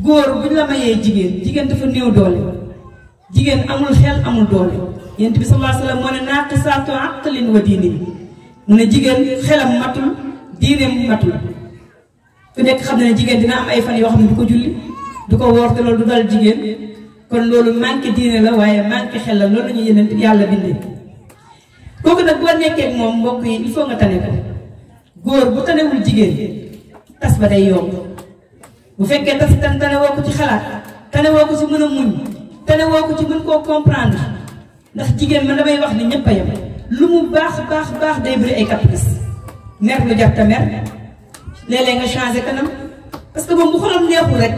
غور بو لا مايي جيجين جيجين دافا نيو دولي جيجين امول خيل امول دولي ينتبي صلى الله عليه وسلم مونا ناقصات عقل ودين مونا جيجين خيلم ماتول diineem matul ku nekk xam na ne jigéen dina am ay fan yoo xam ne du ko julli du ko woor te loolu du dal jigéen kon loolu manqué diine la waaye manqué xel la loolu la ñu yeneen yàlla bindee kooku nag boo nekkee moom mbokk yi il faut nga tane ko góor bu tanewul jigéen tas ba day yomb bu fekkee tas tan tane woo ko ci xalaat tane woo ko ci mën a muñ tane woo ko ci mën koo comprendre ndax jigéen man damay wax ni ñëpp a yem lu mu baax baax baax day bëri ay caprice mer lu jàpp te mer léeg nga changé kanam parce que moom bu xolam neexul rek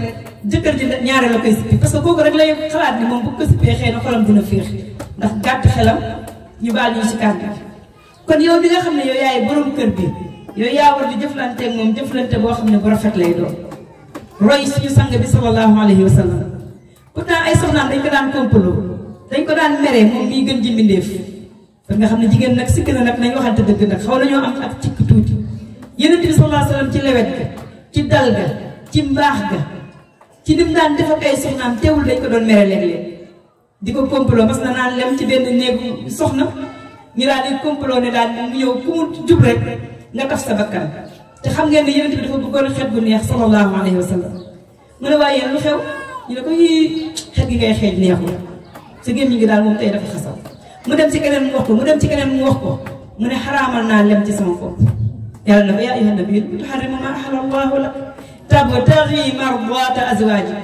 jëkkër ji ñaare la koy sippi parce que kooku rek lay xalaat bi moom bu ko sippee xëy na xolam dina féex ndax gàtt xelam ñu baal ñu ci kàddu kon yow bi nga xam ne yow yaay borom kër bi yow yaa war di jëflanteeg moom jëflante boo xam ne bu rafet lay doon roy suñu sang bi sallallahu alayhi wa sallam pourtant ay soxnaam dañ ko daan kompaloo dañ ko daan meree moom miy gën ba nga xam ne jigéen nag sikk na nag nañ waxante dëgg nag xaw nañoo am ak cikk tuuti yonent bi sallallahu alayhi wasallam ci lewet ci dal ga ci mbaax ci nim daan dafa ay soxnaam teewul dañ ko doon mere léeg di ko complot parce que naan lem ci benn néegu soxna ñu daal di complot ne daal ñëw ku mu jub rek sa bakkan te xam ngeen ne yonent bi dafa bëggoon bu neex sallallahu alayhi wa sallam mu ne waaye yéen lu xew ñu ne ko yii xet gi ngay xeej neexul sa gémmiñ gi daal moom tey dafa xasaw mu dem si keneen mu wax ko mu dem ci keneen mu wax ko mu ne xaraamal naa lem ci sama bopp yàlla na ko yaa ayyuhan nabiyyu laa tuharrima maa ahalla Allaahu lak tabtaghii mardaata azwaajik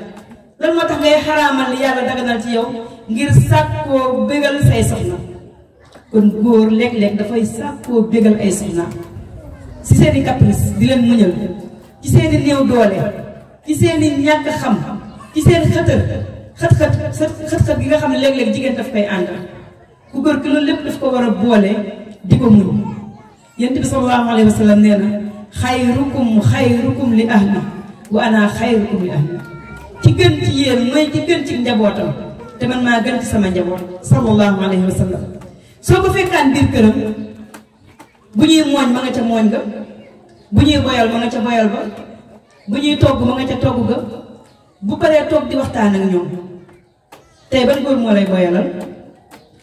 lan moo tax ngay xaraamal li yàlla daganal ci yow ngir sàkkoo bégal say soxna kon góor léeg-léeg dafay sàkkoo bégal ay soxna ci seeni caprice di leen muñal ci seeni néew doole ci seeni ñàkk xam ci seen xëtër xët-xët xët-xët gi nga xam ne léeg-léeg jigéen daf koy àndal ku barke lo lepp lépp daf ko war a boole di ko muñ yonent bi sallallahu alayhi wa sallam nee na xayrukum xayrukum li ahli wa ana xayrukum li ahli ci gën ci yéen mooy ci gën ci njabootam te man maa gën ci sama njaboot sallallahu alayhi wa sallam soo ko fekkaan biir këram bu ñuy mooñ ma nga ca mooñ ga bu ñuy boyal ma nga ca boyal ba bu ñuy togg ma nga ca togg ga bu paree toog di waxtaan ak ñoom tey ban góor moo lay boyalal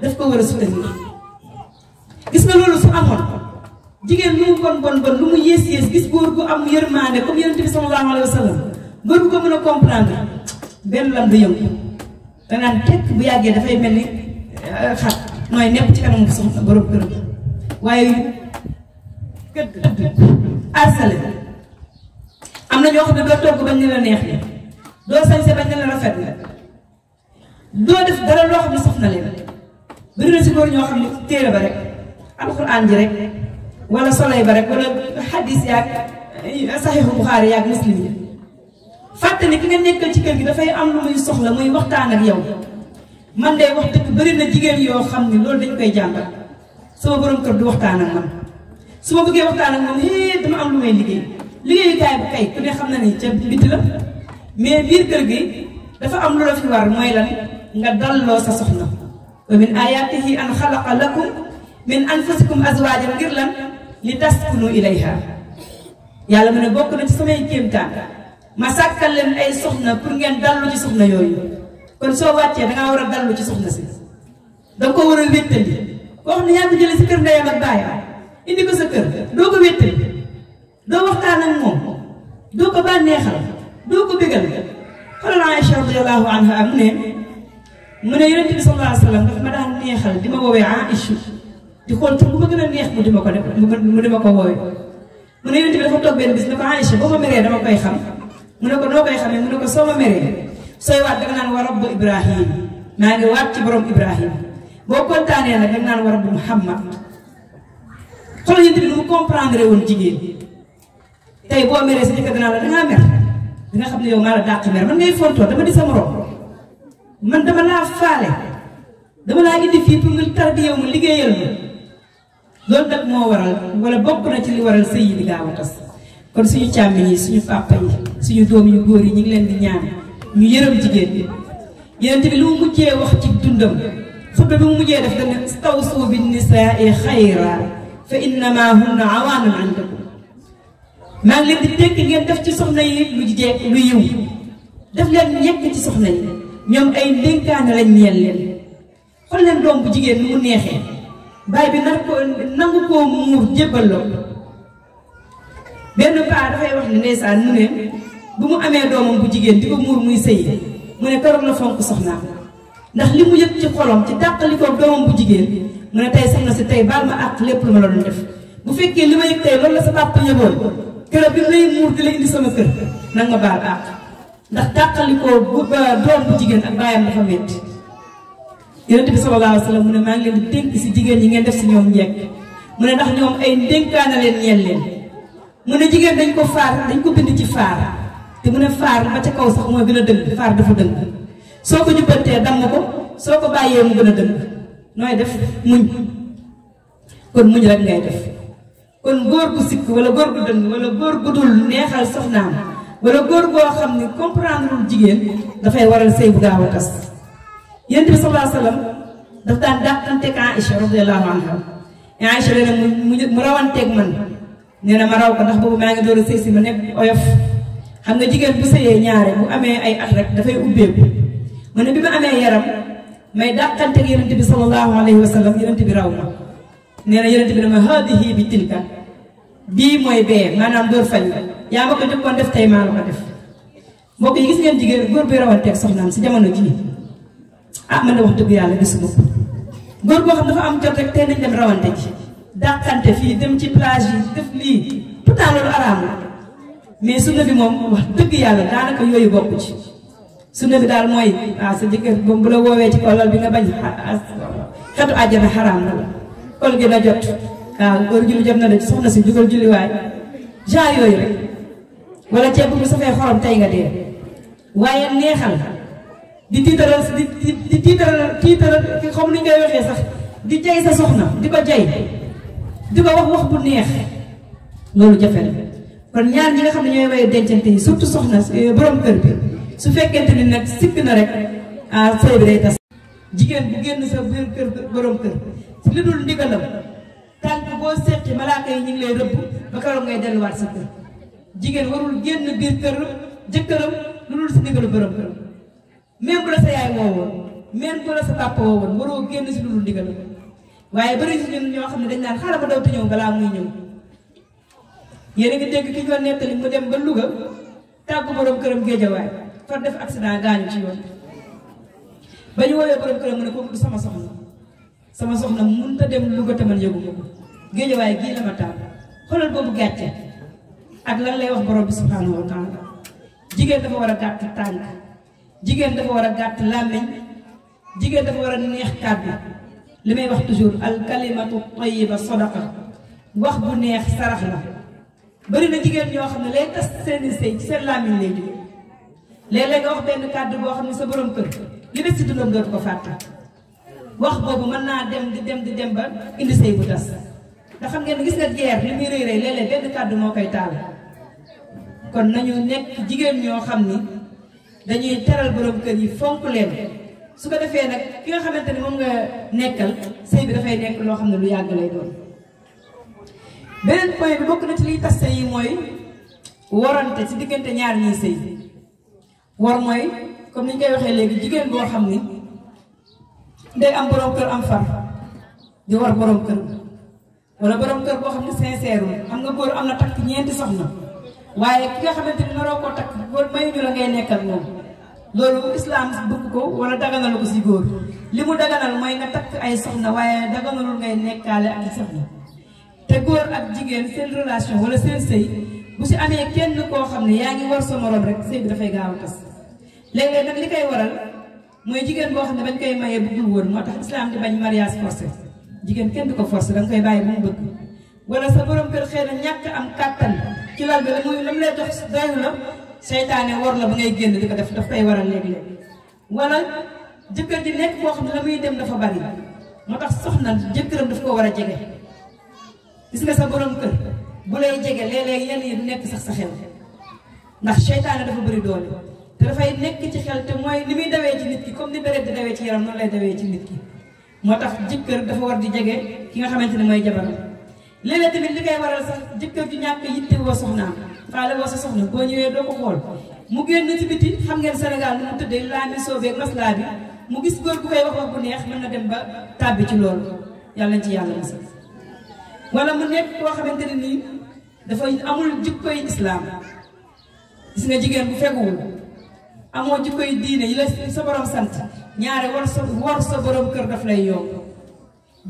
daf ko war a soutenir gis nga loolu su amoon jigéen lu mu bon bon bon lu mu yées yées gis góor gu am yërmaande comme yonent bi sallallahu alayhi wa ko mën a comprendre benn lam du yëngu tekk bu yàggee dafay mel ni euh, xat nooy nepp ci kanam soxna borom këram waaye kët am na ñoo xam ne doo togg bañ ne la neex ne doo sañse bañ ne la rafet la doo def dara loo xam ne soxna leen bëri na si góor ñoo xam ne téere ba rek alquran ji rek wala soleil ba rek wala hadis yaag saxiixu buxaari yaag muslim yi ya. fàtte ni ki nga nekkal ci kër gi dafay am lu muy soxla muy waxtaan ak yow man day wax dëkk bëri na jigéen yoo xam ne loolu dañ koy jàngal sama borom kër du waxtaan ak man su ma bëggee waxtaan ak moom hee dama am lu may liggéey kaay bu kay ku ne xam na ni ca bitt la mais biir kër gi dafa am lu la fi war mooy lan nga dalloo sa soxna wa min ayatihi an xalaqa lakum min anfusikum azwajan ngir lan li taskunu ilayha yàlla mu ne bokk na ci samay kéemtaan ma sàkkal leen ay soxna pour ngeen dallu ci soxna yooyu kon soo wàccee dangaa war a dallu ci soxna si danga ko war a wéttali koo xam ne yaa ngi jële si kër ndeyam ak baayam indi ko sa kër doo ko wéttali doo waxtaan ak moom doo ko bànneexal doo ko bégal xoolal Aïcha radiyallahu anha mu ne mune ne yonente bi sallallahu alaihi wasallam dafa ma daan neexal di wowe aishu di xol tu bu ma a neex mu di ko def mu dima ko wowe mune ne yonente bi dafa tok ben bis ne ko Aïcha ma mere dama koy xam mune ko noo koy xam mune ko soo mere soy waat danga naan Ibrahim ma ngi waat ci borom Ibrahim bo ko nag nak naan nan warab Muhammad xol yonente bi mu comprendre won jigéen tay bo mere sa jëkkër dana la dangaa mer danga xam ne yow mala la mer man ngay fonto dama di sa morom man dama laa faale dama laa indi fii pour nga tarbiya mu liggéeyal ma loolu nag moo waral wala bokk na ci li waral sëy bi gaaw a tas kon suñu càmmiñ yi suñu papa yi suñu doom yu góor yi ñu ngi leen di ñaan ñu yërëm jigéen ñi yonent bi lu mu mujjee wax ci dundam xutba bi mu mujjee def dana stawsu bi nisaai xayra fa innama hunna awaanun indakum maa ngi leen di dénk ngeen def ci soxna yi lu jeeg lu yiw def leen ñekk ci soxna yi ñom ay ndénkaane lañ ñeel leen xol leen doom bu jigéen nu mu neexee baay bi nak ko nangu koo muur jébbal la benn paa dafay wax ne ndeysaan mu ne bu mu amee doomam bu jigéen di ko muur muy sëy mu ne torom la fonk soxna ndax li mu yëg ci xolom ci tàqali ko doomam bu jigéen mu ne tey soxna si tey baal ma àq lépp lu ma la doon def bu fekkee li ma yëg tey loolu la sa papa yëgoon keroog bi lay muur di la indi sama kër nag ma baal àq ndax takaliko bu doom bu jigen ak bayam dafa met yonente bi sallallahu alayhi wasallam mune ma ngi len di dénk si jigéen ñi ngeen def ci ñoom ñek mune ndax ñoom ay denkana len ñel len mune jigen dañ ko faar dañ ko bind ci faar te mune faar ba ca kaw sax moo gëna a faar dafa dëng soo ko dam damm ko soko baye mu gëna a noy def muñ kon muñ rek ngay def kon gor gu sik wala gor gu dëng wala gor gu dul neexal soxnaam wala góor goo xam ne comprendre lul jigéen dafay waral sëy bu gaaw a tas yonent bi salaa sallam daf daan dàqanteeg Aïcha radiallahu anha Aïcha nee na mu mu rawanteeg man nee na ma raw ko ndax boobu maa ngi door a si ma nekk oyof xam nga jigéen bu sëyee ñaare bu amee ay at rek dafay yaram may dàqanteeg yonent bi salallahu alayhi wa sallam yonent ma dama haadihi bi tilka bii mooy door ya ma ko jëkkoon def tay ma ko def mbok yi gis ngeen jigeen góor bi rawanteeg soxnam ci jamono jii ah man de wax dëgg yàlla gisuma ko góor boo xam dafa am jot rek tay nañ dem rawante ci dakante fii dem ci plage yi def li pourtant loolu araam la mais sunna bi mom wax deug yalla danaka yoyu bokku ci sunna bi dal moy ah sa jëkkër boobu bu la wowe ci kolal bi nga bañ ah, ah, xatu aljana haram la kol gi na jot waaw ah, góor lu jëm na ci soxna ci jugal julli way ja yoyu rek wala ceeb bu safee xorom tey nga dee waaye neexal di tiitaral di di tiitaral tiitaral xaw ni ñu koy waxee sax di jay sa soxna di ko jay di ko wax wax bu neex loolu jafe la kon ñaar ñi nga xam ne ñooy waye dencante yi surtout soxna euh, borom kër bi su fekkente ni nag sippi na rek ah sëy day tas. jigéen bu génn sa biir kër borom kër si li dul ndigalam tànk boo seqi malaaka yi ñu ngi lay rëbb ba keroog ngay delluwaat sa kër. jigen warul genn bir kër jëkkëram lulul dul digal ndigalu borom këram même bu la sa yaay woowoon même bu la sa papa woowoon waro genn ci lulul digal waye bari ci ñun ño xamne dañ naan xala ba daw te ñëw balaa muy ñew yene a ngi dégg ki ñu netali mu dem ba Louga tagu borom kërëm geejja way fa def accident gañ ci yoon ba woyé borom kërëm ne ko du sama soxna sama soxna mun ta dem Louga te man yëgu ko way gi la ma taal xolal bobu gàcce ak lan lay wax borom bi subhanahu wa taala jigéen dafa war a gàtt tànk jigéen dafa war a gàtt làmmiñ jigéen dafa war a neex kàddu li may wax toujours al kalimatu tayyiba sadaqa wax bu neex sarax la bëri jigéen yoo xam ne lay tas seeni sëy seen làmmiñ lay jóg léeg-léeg nga wax benn kàddu boo xam ne sa borom kër li des ci dundam dootu ko fàtte wax boobu mën naa dem di dem di dem ba indi sëy bu tas da ngeen gis nga jeer li muy rëy rëy léeg benn kàddu moo koy taal kon nañu nekk jigéen ñoo xam ni dañuy teral boroom kër yi fonk leen su ko defee nag ki nga xamante ni moom nga nekkal sëy bi dafay nekk loo xam ne lu yàgg lay doon. beneen point bokk na ci liy tas sëy yi mooy warante ci diggante ñaar ñiy sëy war mooy comme ni ñu koy waxee léegi jigéen boo xam ne day am borom kër am far di war borom kër wala borom kër boo xam ne sincère am nga góor am na takk ñeenti soxna. waaye ki nga xamante ni naroo koo takk góor mayuñu la ngay nekkal moom loolu islam bëgg ko wala daganalu ko si góor li mu daganal mooy nga takk ay soxna waaye daganalul ngay nekkaale ak soxna te góor ak jigéen seen relation wala seen sëy bu si amee kenn koo xam ne war sa morom rek sëy bi dafay gaaw tas léeg-léeg nag waral mooy jigéen boo xam bañ koy mayee bëggul woon moo islam di bañ mariage forcé jigéen kenn du ko forcé danga koy bàyyi bu mu bëgg wala sa borom kër xëy na am kàttan ci lal bi rek muy lu mu lay jox doyul la seytaane war la ba ngay génn di ko def daf koy a léegi-léegi wala jëkkër ji nekk koo xam ne la muy dem dafa bari moo tax soxna jëkkëram daf ko war a jege gis nga sa borom kër bu lay jege léeg-léeg yenn yi du nekk sax sa xel ndax seytaane dafa bari doole te dafay nekk ci xel te mooy li muy dawee ci nit ki comme ni béréb di dawee ci yaram noonu lay dawee ci nit ki moo tax jëkkër dafa war di jege ki nga xamante ne mooy jabaram léeg-léeg tamit li kay waral sax jëkkër ji ñàkk yitte woo soxnaam faale woo sa soxna boo ñëwee doo ko xool mu génn ci biti xam ngeen Sénégal nu tëdd tëddee laa mi soobeeg maslaa bi mu gis góor bu koy wax wax bu neex mën na dem ba tàbbi ci loolu yàlla ci yàlla mos wala mu nekk koo xamante ne nii dafa amul jikkoy islaam gis nga jigéen bu feguwul amoo jikkoy diine yi la sa borom sant ñaare war sa war sa borom kër daf lay yokk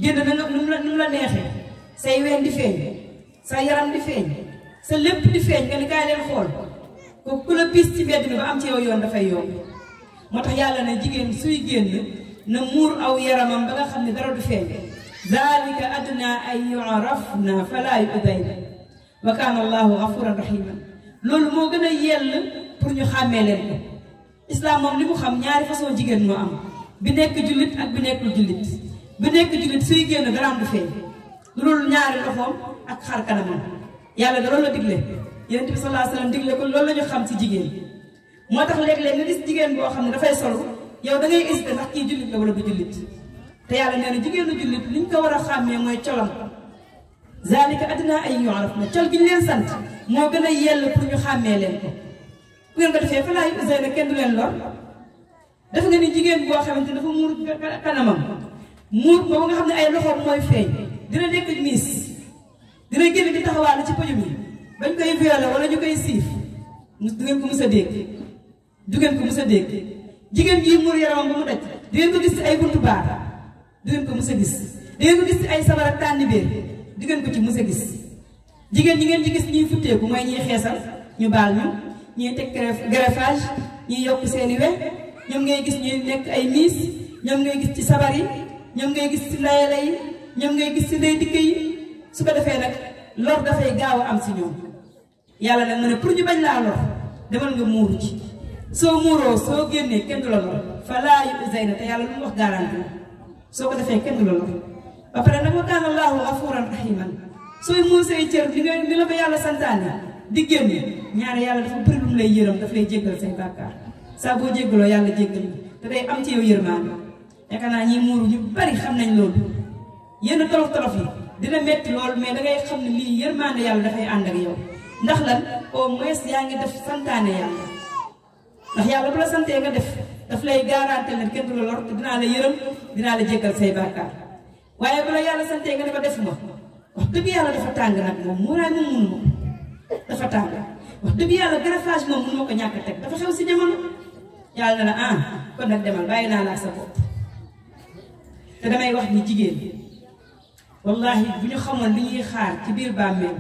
génn na nga nu mu la nu mu say ween di feeñ sa yaram di feeñ sa lépp di feeñ nga ni kaay leen xool ko ku la pis ci mbedd mi ba am ci yow yoon dafay yomb moo tax yàlla na jigéen suy génn na muur aw yaramam ba nga xam ne dara du feeñ zalika adna an yu'rafna fala yu'dayna wa kaana allahu gafuran rahima loolu moo gën a yell pour ñu xàmmee leen ko islam moom li mu xam ñaari façon jigéen moo am bi nekk jullit ak bi nekkul jullit bi nekk jullit suy génn dara du feeñ lu dul ñaari loxoom ak xar kanamam yàlla da loolu la digle yonent bi sallallahu alayhi digle ko loolu la ñu xam ci jigéen moo tax léeg-léeg nga gis jigéen boo xam ne dafay solu yow da ngay hésité ndax kii jullit la wala du jullit te yàlla nee na jigéenu jullit li ko war a xàmmee mooy colam zalika adna ay yu'raf na gi ñu sant moo gën a yell pour ñu xàmmee leen ko bu ngeen ko defee fa laay usee na kenn du leen lor def nga ni jigéen boo xamante dafa muur kanamam muur boobu nga xam ne ay loxoom mooy feeñ dina nekk miis dina génn di taxawaalu ci paju mi bañ koy violé wala ñu koy siif du ngeen ko mës a dégg du ngeen ko mës a dégg jigéen jii muur yaramam bu mu daj di ngeen ko gis ci ay buntu baar du ngeen ko mës a gis di ngeen ko ci ay sabar ak tànn biir ngeen ci gis jigéen ñi ngeen ci gis ñuy futteeku mooy ñuy xeesal ñu baal ñu ñuy teg greffage ñuy yokk seeni we ñoom ngay gis ñuy nekk ay miis ñoom ngay gis ci sabar yi ñoom ngay gis ci layala yi ñom ngay gis ci ndey dikki yi su ko defé nak lor da fay gaaw am ci ñoom yalla nak mu pour ñu bañ la lor demal nga muuru ci so muuroo so génnee kenn du la lor fa laa yu usayna te yàlla mu wax garantie so ko defé kenn du la lor ba pare nak wa allah allahu gafuran rahiman sooy muur say cër li nga di la ba yalla santane di gem ñaar yalla dafa bëri lu lay yeeram daf lay jéggal say bakkar sa bo jéggalo yalla jéggal te day am ci yow yërmaan yakana ñi muuru ñu bari xam nañ loolu yenn torof torof yi dina metti lool mais dangay xam ne lii yërmande yàlla dafay ànd ak yow ndax lan au moins yaa ngi def santaane yàlla ndax yàlla bu la santee nga def daf lay garanté la lor te dinaa la dinaa la jéggal say bàkkaar waaye bu yàlla santee nga ne ko def ma wax dëgg yàlla dafa tàng nag moom muuraay moom mënu ma dafa tàng wax dëgg yàlla greffage moom mënu ko ñàkk teg dafa xew si jamono yàlla na la ah kon nag demal bàyyi naa la ak sa bopp te damay wax ni jigéen wallahi bu ñu xamoon li ñuy xaar ci biir bàmmeel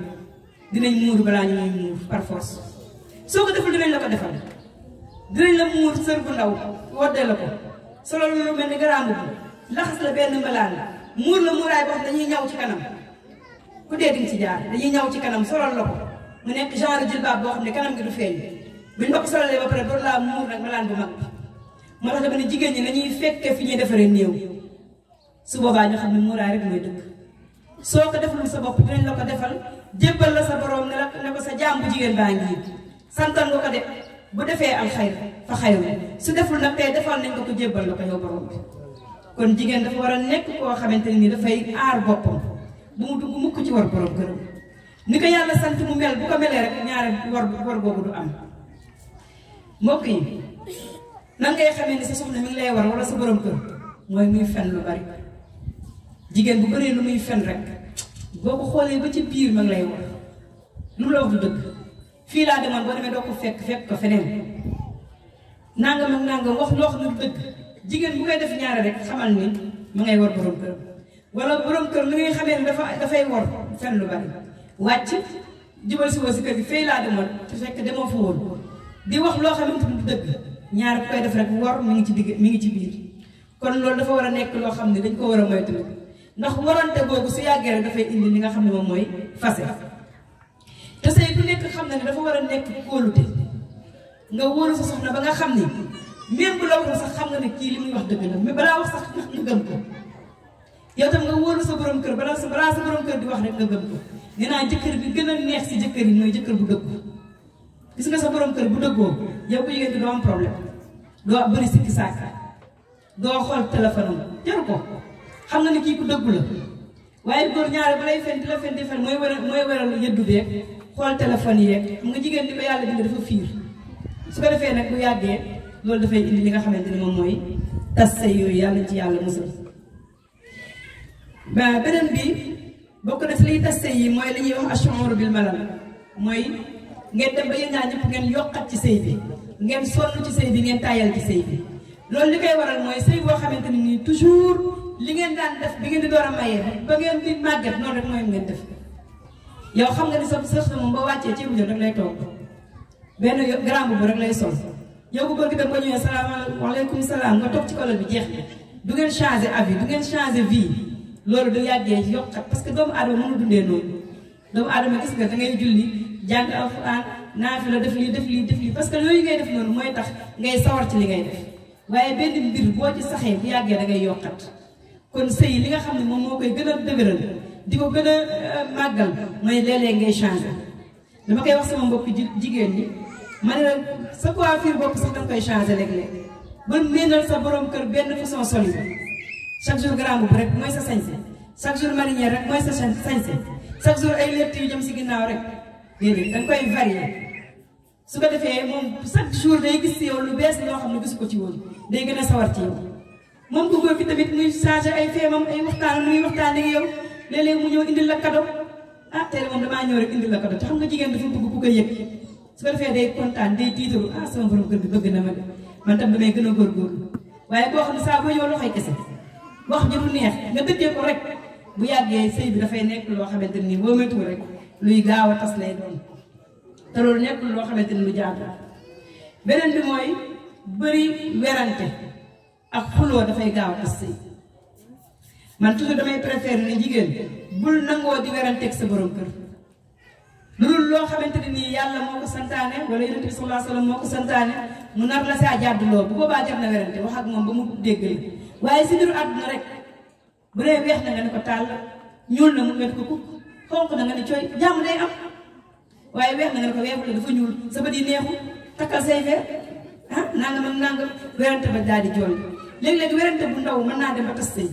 dinañ muur balaa ñu ñuy muur par force soo ko deful dinañ la ko defal dinañ la muur sër bu ndaw woddee la ko solo lu mel ni garaamu bi la benn mbalaan muur la muuraay boo dañuy ñaw ci kanam ku dee dinga ci jaar dañuy ñaw ci kanam solol la ko mu nekk genre jilbaab boo xam ne kanam gi du feeñ buñ la ko sololee ba pare door laa muur nag mbalaan bu mag bi moo tax dama ne jigéen ñi nañuy fekke fi ñuy defaree néew su boobaa ñu xam ne muuraay rek mooy dëkk so ko defalul sa bop dinañ la ko defal jébbal la sa borom ne la ne ko sa jamm bu jigen bangi santan santal nga ko def bu defé al khair fa xayr su deful nag tay defal nañ ko ko jébbal la ko yow borom kon jigen dafa wara a ko xamanteni ni da fay ar bopam bu mu dugg mukk ci war borom gëna ni ko yalla sant mu mel bu ko melé rek ñaare war war boobu du am mbokk yi nan ngay xamé ni sa soxna mi ngi lay war wala sa borom kër moy muy fenn lu bari jigen bu bari lu muy fenn rek boo ko xoolee ba ci biir ma lay wax lu la wax du dëgg fii laa demoon boo demee doo ko fekk fekk ko feneen nangam ak nangam wax loo ne du dëgg jigéen bu koy def ñaare rek xamal ni ma ngay war borom kër wala borom kër li ngay xamee ne dafa dafay war fen lu bari wàcc jubal si woo si kër gi fay laa demoon te fekk demoo fa woon di wax loo xamante ni du dëgg ñaar bu def rek war mi ngi ci digg mi ngi ci biir kon loolu dafa war a nekk loo xam ne dañ ko war a moytu ndax warante bobu su yagge rek fay indi li nga xamne mom moy fasé fase te sëy ku nek xam na ne dafa war a nekk nga wóolu sa soxna ba nga xam même bu la waxul sax xam nga ne ki li muy wax deug la mais bala wax sax ndax nga gëm ko yow tam nga sa borom kër bala sa bala sa borom kër di wax rek nga gëm ko dina naa bi gëna neex si jëkkër yi mooy jëkkër bu deug gis nga sa borom kër bu dëggoo yow ko yëgante do am problème do bëri sikki téléphone ko xam na ni kii ku dëggu la waaye góor ñaare balay fen di la fen di fen mooy waral mooy waral yëddu beeg xool téléphone yeeg xam nga jigéen di ko yàlla dina dafa fiir su ko defee nag bu yàggee loolu dafay indi li nga xamante ne moom mooy tas say yooyu yàlla ci yàlla musal ba beneen bi bokk na ci liy tas say yi mooy li ñuy wax ash'ur bil malal mooy ngeen dem ba yéen ñaar ñëpp ngeen yokkat ci sëy bi ngeen sonn ci sëy bi ngeen tayal ci sëy bi loolu li koy waral mooy sëy boo xamante ne nii toujours li ngeen daan def bi ngeen di door a maye ba ngeen di màgget noonu rek mooy ngeen def yow xam nga ni sa sër sa moom ba wàccee ci jën rek lay toog benn grand bu rek lay sol yow bu góor gi tam nga ñëwee salaamaaleykum salaam nga toog ci kolo bi jeex du ngeen changer avis du ngeen changer vie loolu du yàggee yokkat parce que doomu aadama mënu dundee noonu doomu aadama gis nga da ngay julli jàng alxuraan naafila def lii def lii def lii parce que yooyu ngay def noonu mooy tax ngay sawar ci li ngay def waaye benn mbir boo ci saxee bu yàggee da ngay yokkat kon sëy li nga xam ne moom moo koy gën a dëgëral di ko gën a euh, màggal mooy léeg-léeg ngay changé dama koy wax sama mbokk jigéen ñi ma ne la sa coiffure bopp sax danga koy changé léeg-léeg ba neenal sa borom kër benn façon sol chaque jour grand boubou rek sa sañse chaque jour marinière rek mooy sa sañse chaque jour ay lett yu jëm si ginnaaw rek déedéet danga koy varié su ko defee moom chaque jour day gis si yow lu bees loo xam ne gis ko ci woon day gën a sawar ci yow mom bu góor ki tamit muy changé eh, ay femam eh, ay waxtan muy waxtan eh, ak yow léeg-léeg mu ñëw indi la kado ah tey mom dama damaa rek indi la kado xam nga jigen dafa bëgg bu ko yek su ko defé day kontaan day titul ah sama borom kër ah, bi bëgg na ma man tam dama gëna gor gor waye ko xam sa ko yow ñëw loxoy kese wax ji mu neex nga tëjee ko rek bu yagge sey bi da fay nekk lo xamanteni ni metu rek luy gaawa tas lay doon te loolu nekk lo xamanteni lu jaatu benen bi moy bëri wérante ak xuloo dafay gaaw a sëy man toujours damay préférer ne jigéen bul nangoo di weranteeg sa borom kër loolu loo xamante ne nii yàlla moo ko santaane wala yonent bi sallallahu alayhi mu nar la saa jàdd loo bu wax ak moom ba mu dégg la si biir àdduna bu dee weex na nga na mu xonq na nga ne cooy jàmm am waaye weex na nga ne ko weexu ñuul sa bët yi neexu takkal say feer ah nangam ak nangam werante ba daal di jooy léeg-léeg werante bu ndaw man naa dem ba tas sëy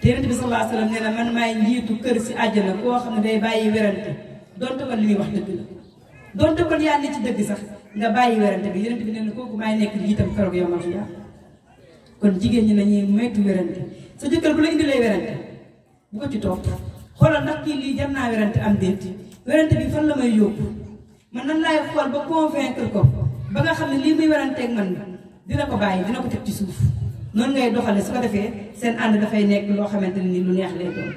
te yonent bi sallallahu alayhi wa na man maay njiitu kër si àjjana koo xam ne day bàyyi werante donte kon li muy wax dëgg donte kon yaa ci dëgg sax nga bàyyi werante bi yonent bi nee na kooku maay nekk njiitam keroog yow ma xiyaam kon jigéen ñi nañuy moytu werante sa jëkkër bu la indi lay werante bu ko ci topp xoolal ndax kii lii jar naa werante am déet werante bi fan la may yóbbu man nan laay xool ba convaincre ko ba nga xam ne lii muy weranteeg man dina ko bàyyi dina ko teg ci suuf noonu ngay ne su ko defee seen ànd dafay nekk loo xamante ne ni lu neex lay doon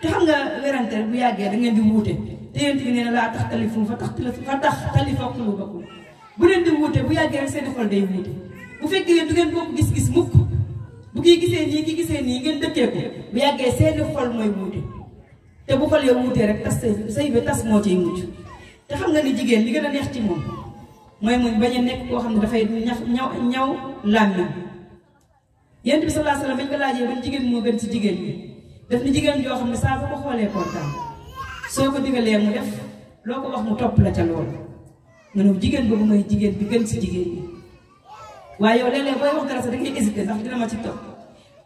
te xam nga werante bu yàggee da ngeen di wuute te yéen bi laa tax talifu fa tax fa tax talifa qulubakum bu leen di wuute bu yàggee rek seen xol day wuute bu fekkee du ngeen bokk gis-gis mukk bu kii gisee nii kii gisee nii ngeen dëkkee ko bu yàggee seeni xol mooy wuute te bu xoolee wuutee rek tas sëy bi tas moo ciy mujj te xam nga ni jigéen li gën a neex ci moom mooy muñ bañ a nekk koo xam ne dafay ñaf ñaw ñaw làmmiñ yonent bi sallallahu alayhi wasallam bañ ko laajee ban jigéen moo gën ci jigéen ñi daf ni jigéen joo xam ne saa bu ko xoolee kontaan soo ko digalee mu def loo ko wax mu topp la ca loolu nga ne jigéen boobu mooy jigéen bi gën ci jigéen ñi waaye yow léeg-léeg booy wax dara sax da ngay hésité ndax dina ma ci topp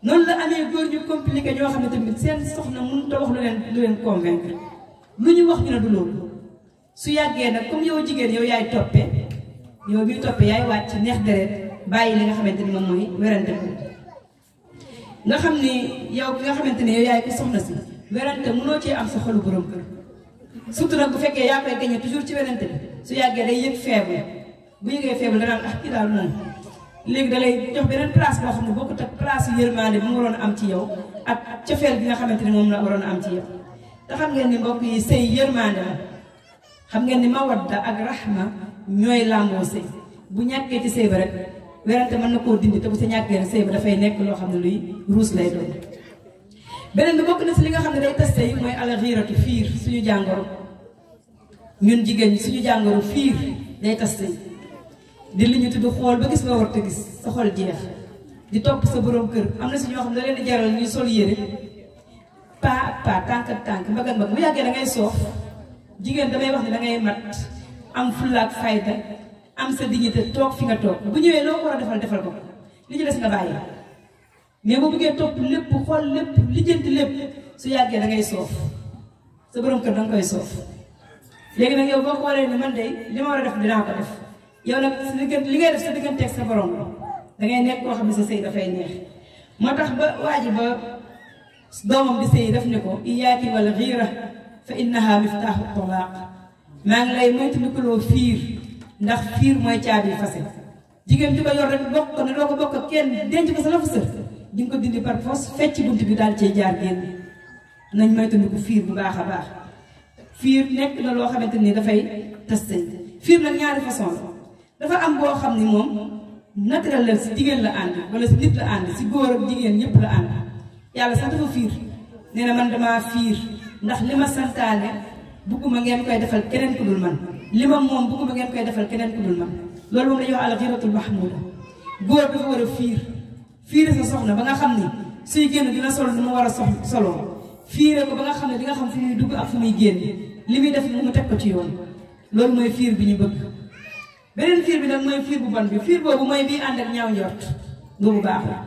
noonu la amee góor ñu compliqué ñoo xam ne tamit seen soxna mënut a wax lu leen lu leen convaincre lu ñu wax ñu ne du su yàggee nag comme yow jigéen yow yaay toppee yow miy topp yaay ci neex deret bàyyi la nga xamante ni moom mooy werante ko nga xam ni yow ki nga xamante ni yow yaay ko soxna si werante mënoo ci am sa xolu borom kër surtout nag bu fekkee yaa koy gañe toujours ci werante bi su yàggee day yëg faible bu yëgee faible da naan ah kii daal moom léegi da lay jox beneen place boo xam ne bokkut ak place yërmande bi mu waroon am ci yow ak cofeel bi nga xamante ni moom la waroon am ci yow te xam ngeen ni mbokk yi sëy xam ngeen ni mawadda ak rahma ñoy làmboo sëy bu ñaké ci sébe rek wéranté man nako dindi te bu sa ñaké rek sébe da fay nek lo xamné luy rouss lay doon benen bokk na ci li nga xamné ne day tas moy mooy alxiiratu fir suñu jangoro ñun jigéen ñi suñu jangoro fir day tas di li ñu tuddu xol ba gis nga war te gis sa xol jeex di top sa borom kër am suñu xam ne da leen di jaral ñu sol yéré pa pa tank tank ak tànk mbagg bu yàggee da ngay sof jigéen damay wax ni da ngay mat am fullaak fayda am sa dignité tok fi nga tok bu ñëwé lo ko war defal defal ko li ci dess nga bàyyi mais bu bëggé topp lépp xol lépp lijjanti lépp su yagge da ngay sof sa borom ko da ngay sof légui nak yow boo xoolee ni man day li ma wara def dina ko def yow nak sa diggante li ngay def sa digganteeg sa borom da ngay nekk ko xamni sa sëy da fay neex motax ba waji ba domam di sëy def ne ko iyyaki wal ghira fa innaha miftaaxu talaq maa ngi lay moytandikuloo fiir ndax fiir mooy caabi fase jigéen ju ko yor rek bokk ne doo ko bokk kenn denc ko sa lafu sër di ko dindi par force fecc bunt bi daal cee jaar génn nañ moytandiku fiir bu baax a baax fiir nekk na loo xamante ni dafay tas sëy fiir nag ñaari façon la dafa am boo xam ni moom naturel la si jigéen la ànd wala si nit la ànd si góor ak ñëpp la ànd yàlla sax dafa fiir nee na man damaa fiir ndax li ma santaane bugguma ngeen koy defal keneen ku dul man li ma moom bugguma ngeen koy defal keneen ku dul man loolu moom la ñuy wax alxiratul mahmuda góor dafa war a fiir fiire sa soxna ba nga xam ni suy génn dina solo nu war a sox soloo fiire ko ba nga xam ne di nga xam fu dugg ak fu muy génn li muy def mu teg ko ci yoon loolu mooy fiir bi ñu bëgg beneen fiir bi nag mooy bu bon bi fiir boobu mooy bii ànd ak ñaaw njort boobu baaxul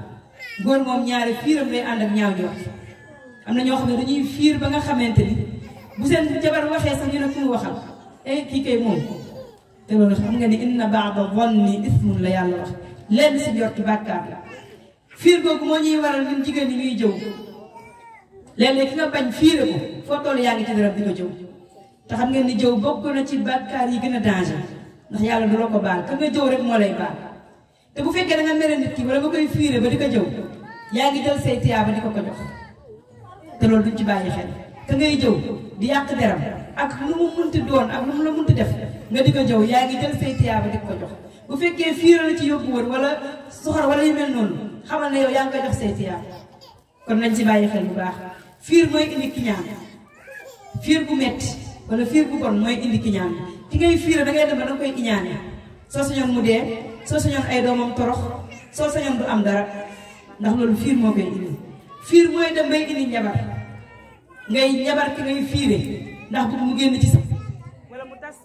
góor moom ñaari fiiram lay ànd ak ñaaw njort am dañuy fiir ba nga xamante ni bu seen jabar waxe sax ñu ko waxal eh ki kay moom te lolu xam nga ni inna ba'da dhanni ismun la yalla wax lenn si jortu bàkkaar la fiir googu mo ñi waral ñu jigéen ñi ñuy jëw léeg-léeg ki nga bañ fiir ko fo tol yaa ci dara diko jëw ta xam ngeen ni jëw bokku na ci bakkar yi gëna danger ndax yalla du lako baal ka nga jëw rek mo lay baal te bu fekke da nga mere nit ki wala nga koy fiire ba diko jëw yaa ngi jël say tiyaaba di ko ko jox te loolu duñ ci bayyi xel ka ngay jëw di yàq deram ak lu mu munti doon ak lu mu la munti def nga di ko jëw yaa ngi jël say tiyaaba di ko jox bu fekkee fiira la ci yóbbu woon wala soxor wala yu mel noonu xamal ne yow yaa ngi koy jox say tiyaaba kon nañ ci bàyyi xel bu baax fiir mooy indi kiñaan fiir bu metti wala fiir bu bon mooy indi kiñaan ki ngay fiira da ngay dem ba da koy iñaane soo sañoon mu dee soo sañoon ay doomam torox soo sañoon du am dara ndax loolu fiir moo koy indi fiir mooy dem bay indi njabar ngay yabar ki ngay fiire ndax bu mu génn ci sa wala mu tass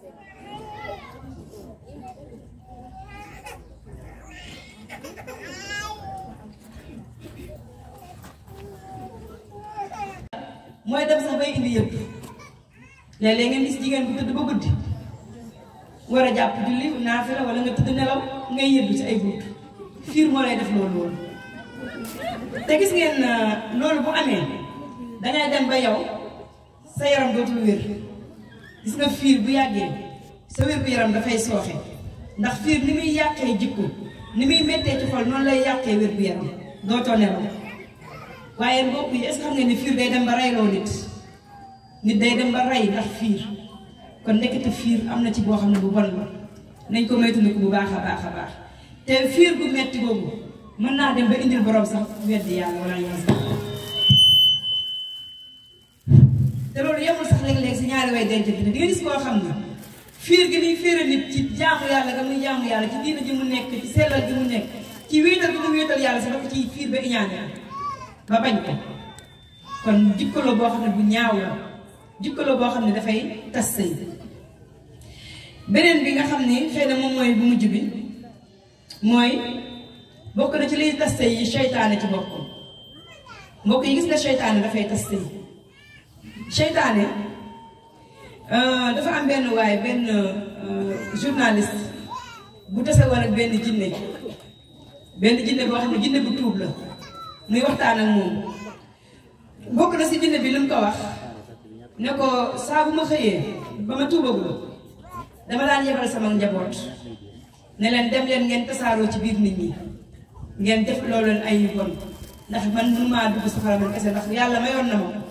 moy dem sax bay indi yëpp léeg-léeg ngeen gis jigéen bu tëdd ba guddi war a jàpp julli naafila wala nga tudd nelaw ngay yeddu ci ay gudd fiir mo lay def lolou te gis ngeen euh, lolou bu amé dangay dem ba yow sa yaram dootul wér gis nga fiir bu yàggee sa wér bu yaram dafay sooxe ndax fiir ni muy yàqee jikko ni muy méttee ci xol noonu lay yàqee wér bu yaram dootoo nelaw waaye mbokk yi est-ce que xam nga ni fiir day dem ba reyloo nit nit day dem ba rey ndax fiir kon nekkati fiir am na ci boo xam ne bu bon la nañ ko moytandiku bu baax a baax a baax te fiir bu metti boobu mën naa dem ba indil borom sax weddi yàlla wala yoon sax te loolu yemul sax léeg-léeg si ñaari way denc bi di nga gis koo xam ne fiir gi ni fiira nit ci jaamu yàlla ga muy jaamu yàlla ci diina ji mu nekk ci sellal gi mu nekk ci wéetal gi mu wéetal yàlla si dafa ci fiir ba iñaane ba bañ ko kon jikko la boo xam ne bu ñaaw la jikko la boo xam ne dafay tas sëy beneen bi nga xam ne xëy na mooy bu mujj bi mooy bokk na ci liy tas sëy yi seytaane ci bopp mbokk yi gis nga seytaane dafay tas sëy seytaane euh, dafa am benn waaye benn euh, journaliste bu tase woon ak benn jinne benn jinne boo xam ne jinne bu tuub la muy waxtaan ak moom bokk na si jinne bi lu mu ko wax ne ko saabu bu ma xëyee ba ma tuubagul dama daan yebal sama njaboot ne leen dem leen ngeen tasaaroo ci biir nit ñi ngeen def loolu leen ay yu bon ndax man mënumaa dugg safara man kese ndax yàlla mayoon na ma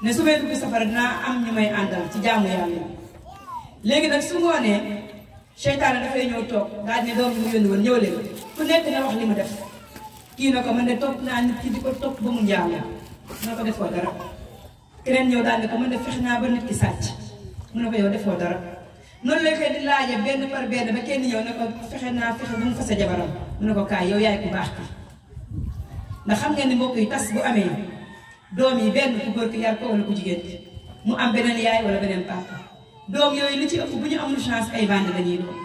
ne su may dugg safara dinaa am ñu may àndal ci jaamu yàlla léegi nag su ngoonee seytaane dafay ñëw toog daal ne doom bi mu yónni woon ñëw leen ku nekk na wax li mu def kii na ko man ne topp naa nit ki di ko topp ba mu njaam mu ne ko defoo dara keneen ñëw daal ne ko man de fex naa ba nit ki sàcc mu defoo dara noonu lay koy di laaje benn par benn ba kenn ñëw ne ko fexe naa fexe ba mu fase jabaram mu ne ko kaay yow yaay ku baax ki ndax xam nga ni mbokk yi tas bu amee doom yi benn ku góor ki yar ko wala ku jigéen ki mu am beneen yaay wala beneen papa doom yooyu li ci ëpp bu ñu amul chance ay bande la ñuy doon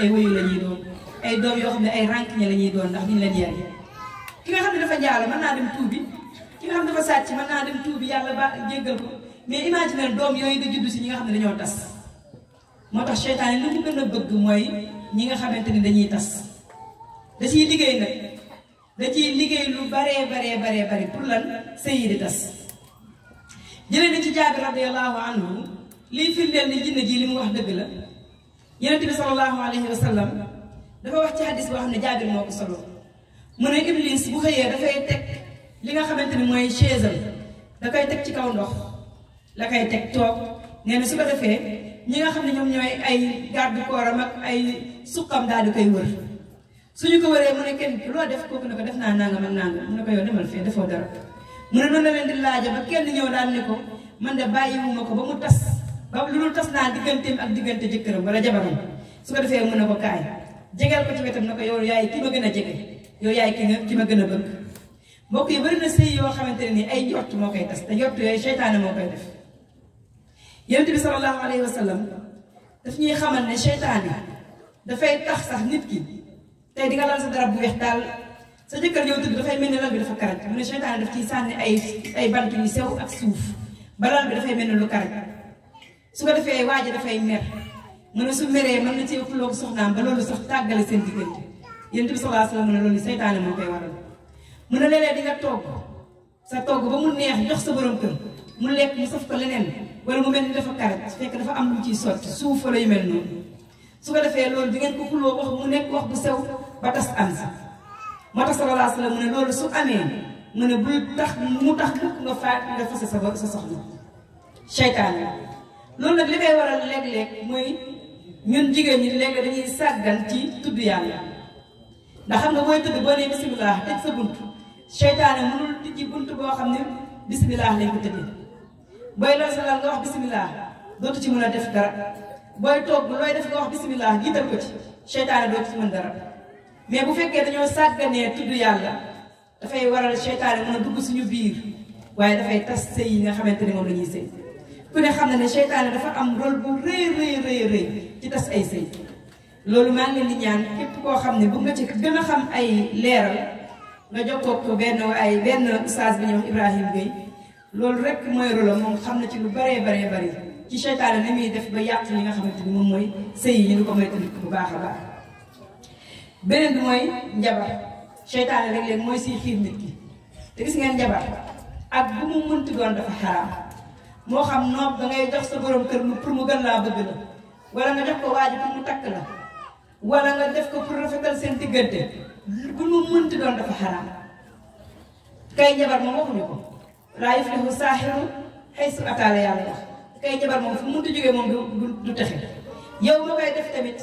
ay wëyu la ñuy doon ay doom yoo xam ne ay rànk ña la ñuy doon ndax leen yar ki nga xam dafa jaalo mën dem tuubi ki nga xam ne dafa sàcc mën naa dem tuubi yàlla ba jéggal ko mais imagine doom yooyu da judd si ñi nga xam ne dañoo tas moo tax seytaane li mu gën a bëgg mooy ñi nga xamante ni dañuy tas da liggéey nag da ciy liggéey lu baree baree baree bari pour lan sëy yi di tas jëlee ci jaabir radiallahu anhu liy firndeel ni jinne ji li mu wax dëgg la yonente bi salallahu alayhi wa sallam dafa wax ci hadis boo xam ne jaabir moo ko solo mu ne iblis bu xëyee dafay teg li nga xamante ni mooy chaise am da koy teg ci kaw ndox la koy teg toog nee na su ko defee ñi nga xam ne ñoom ñooy ay garde corps am ak ay suqam daal di koy wër su ñu ko waree mu ne kenn loo def kooku ne ko def naa nangam ak nangam mu ne ko yow demal fee defoo dara mu ne noonu la leen di laaja ba kenn ñëw daal ne ko man de bàyyiwuma ko ba mu tas ba lu dul tas naa digganteem ak diggante jëkkëram wala jabaram su ko defee mu ne ko kaay jegeel ko ci wetam ne ko yow yaay ki ma gën a jege yow yaay ki nga ki ma gën a bëgg mbokk yi bari na sëy yoo xamante ne nii ay njort moo koy tas te njort yooyu seytaane moo koy def yonent bi sallallahu alayhi wa sallam daf ñuy xamal ne seytaane dafay tax sax nit ki. tey di nga sa darab bu weex daal sa jëkkër yow tudd dafay mel ni lal bi dafa karaj mu ne seytaane daf ciy sànni ay ay bant yu sew ak suuf ba bi dafay mel ni lu karaj su waaja dafay mer mu ne su meree mën na ci xuloo soxnaam ba loolu sax tàggale seen diggante yéen bi sallallahu alayhi wa sallam mu ne loolu seytaane moo koy waral mu ne léeg-léeg togg sa togg ba mu neex jox sa borom kër mu lekk mu saf ko leneen wala mu mel ni dafa karaj fekk dafa am lu ciy sotti suuf wala lay mel noonu su ko defee loolu di ngeen ko xuloo wax mu nekk wax bu sew ba tas am si moo tax sallallahu alayhi wa sallam mu ne loolu su amee mu ne bul tax mu tax mukk nga faat nga fase sa sa soxna seytaan la loolu nag li koy waral léeg-léeg mooy ñun jigéen ñi léeg dañuy sàggan ci tudd yàlla ndax xam nga booy tudd boo nee bisimilah tëj sa bunt seytaane mënul tijji bunt boo xam ne bisimilah lañ ko tëjee booy loolu sa nga wax bisimilah dootu ci mën a def dara booy togg looy def nga wax bisimilah jiital ko ci seytaane doo ci mën dara mais bu fekkee dañoo sàgganee tudd yàlla dafay waral seytaane mën a dugg suñu biir waaye dafay tas sëy yi nga xamante ne moom la ñuy sëy ku ne xam ne ne seytaane dafa am rôle bu rëy rëy rëy ci tas ay sëy loolu maa ngi leen di ñaan képp koo xam ne bu nga ci gën a xam ay leeral nga jokkoo ko benn ay benn ustaas bi ñuy wax Ibrahima Gueye loolu rekk mooy rôle moom xam na ci lu bëree baree bëri ci seytaane ni muy def ba yàq li nga xamante ni moom mooy sëy yi ñu ko may tëdd bu baax a baax beneen bi mooy njabar seytaane rek léegi mooy siy xiir nit ki te gis ngeen njabar ak bu mu mënti doon dafa xaraam moo xam noob da ngay jox sa borom kër lu pour mu gën laa bëgg la wala nga jox ko waaj pour mu takk la wala nga def ko pour rafetal seen diggante bu mu mënti doon dafa xaraam kay njabar moom waxuñu ko laa yuflihu saaxiru xëy ataala ataale yàlla kay jabar mom fu muntu joge mom du taxé yow ma koy def tamit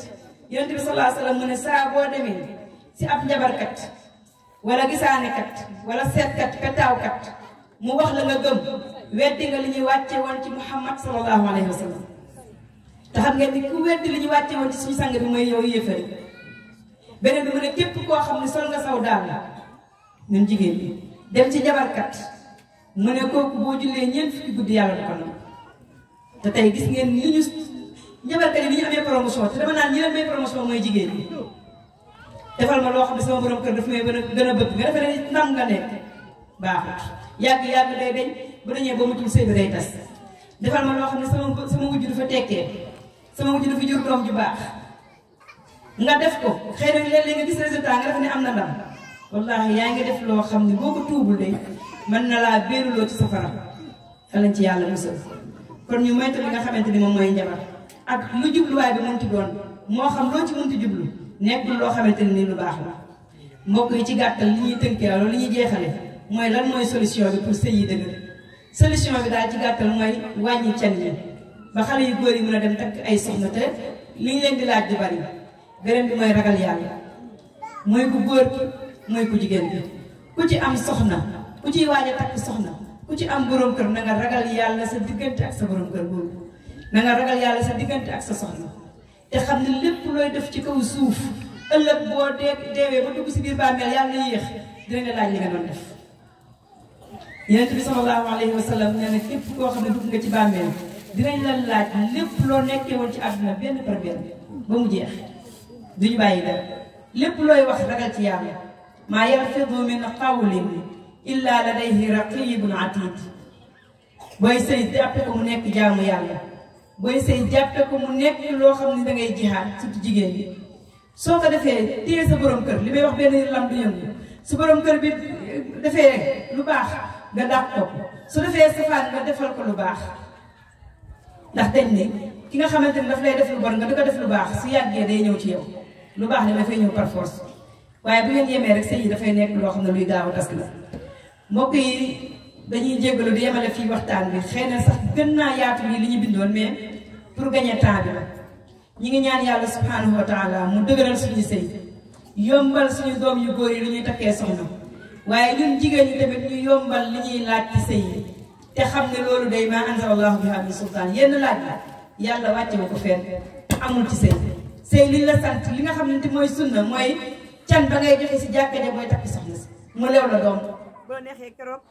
yonent bi sallallahu alayhi wa ne saa boo demee si ab kat wala gisaanekat wala seetkat kat mu wax la nga gëm weddi nga liñu ñuy won ci muhammad sallallahu alayhi wasallam ta xam ngeen ni ku weddi liñu ñu won ci suñu sang bi moy yow yéefari benen bi mu ne képp ko xamni sol nga saw daal ñun jigéen bi dem ci jabarkat mu ne ko boo jullee ñeent fukki guddi yàlla ko te tey gis ngeen ni ñu njabarkat yi ni ñu amee promotion te dama naan ñi leen may promotion mooy jigéen defal ma loo xam sama borom kër daf may gën a gën a bëgg nga defee ne ndam nga nekk baaxut yàgg yàgg day deñ bu dañee ba mutul sëy day tas defal ma loo xam sama sama wujju dafa tekkee sama wujju dafa jur doom ju baax nga def ko xëy na léeg nga gis résultat nga def ne am ndam wallahi yaa ngi def loo xam tuubul na ci safara ci kon ñu moytu li nga xamante ni moom mooy njabar ak lu jubluwaay bi ti doon moo xam loo ci ti jublu nekkul loo xamante ni lu baax la mbokk yi ci gàttal li ñuy tënkee loolu li ñuy jeexale mooy lan mooy solution bi pour sëy solution bi daal ci gàttal mooy wàññi can yi ba xale yu góor yi mun a dem takk ay soxna te li ñu leen di laaj di bari beneen bi mooy ragal yàlla mooy ku góor ki mooy ku jigéen bi ku ci am soxna ku ciy waaj a takk soxna ku ci am borom kër na nga ragal yàlla sa diggante ak sa borom kër boobu na nga ragal sa diggante ak sa soxna te xam ne lépp looy def ci kaw suuf ëllëg boo dee deewee ba dugg si biir bàmmeel yàlla na yéex dina nga laaj li nga doon def. Yonent bi na képp koo xam ne nga ci bàmmeel dinañ la laaj loo nekkee woon ci àdduna benn par benn ba mu jeex duñu bàyyi dara lépp looy wax ragal ci yàlla maa yarfidu min qawlin illa ladayhi raqibun atid boy sey jappé ko mu nek jaamu yalla boy sey jappé ko mu nek lo xamni da ngay jihad surtout jigen ñi so ko defee téye sa borom kër limay wax ben lam du yëngu su borom kër bi defee lu bax nga dak ko su defé safan nga defal ko lu bax ndax dañ ne ki nga xamanteni ne daf lay def lu bon nga da ko def lu bax su yagge day ñew ci yow lu ni ne fay ñew par force waye bu ngeen yeme rek sey da fay nek lo xam luy gaaw tass la mbokk yi dañuy jégalu di yemale fii waxtaan bi xëy na sax gën naa yaatu lii li ñu bindoon mais pour gagner temps bi la ñi ngi ñaan yàlla subhanahu wa taala mu dëgëral suñu sëy yombal suñu doom yu góor yi li ñuy takkee soxna waaye ñun jigéen ñi tamit ñu yombal li ñuy laaj ci sëy yi te xam ne loolu day maa anzal allahu biha min sultaan yenn laaj la yàlla wàccewu ko fenn amul ci sëy sëy la sant li nga xam ne mooy sunna mooy can ba ngay joxe si jàkka ja mooy takki soxna si mu lew la doom bu la neexee keroog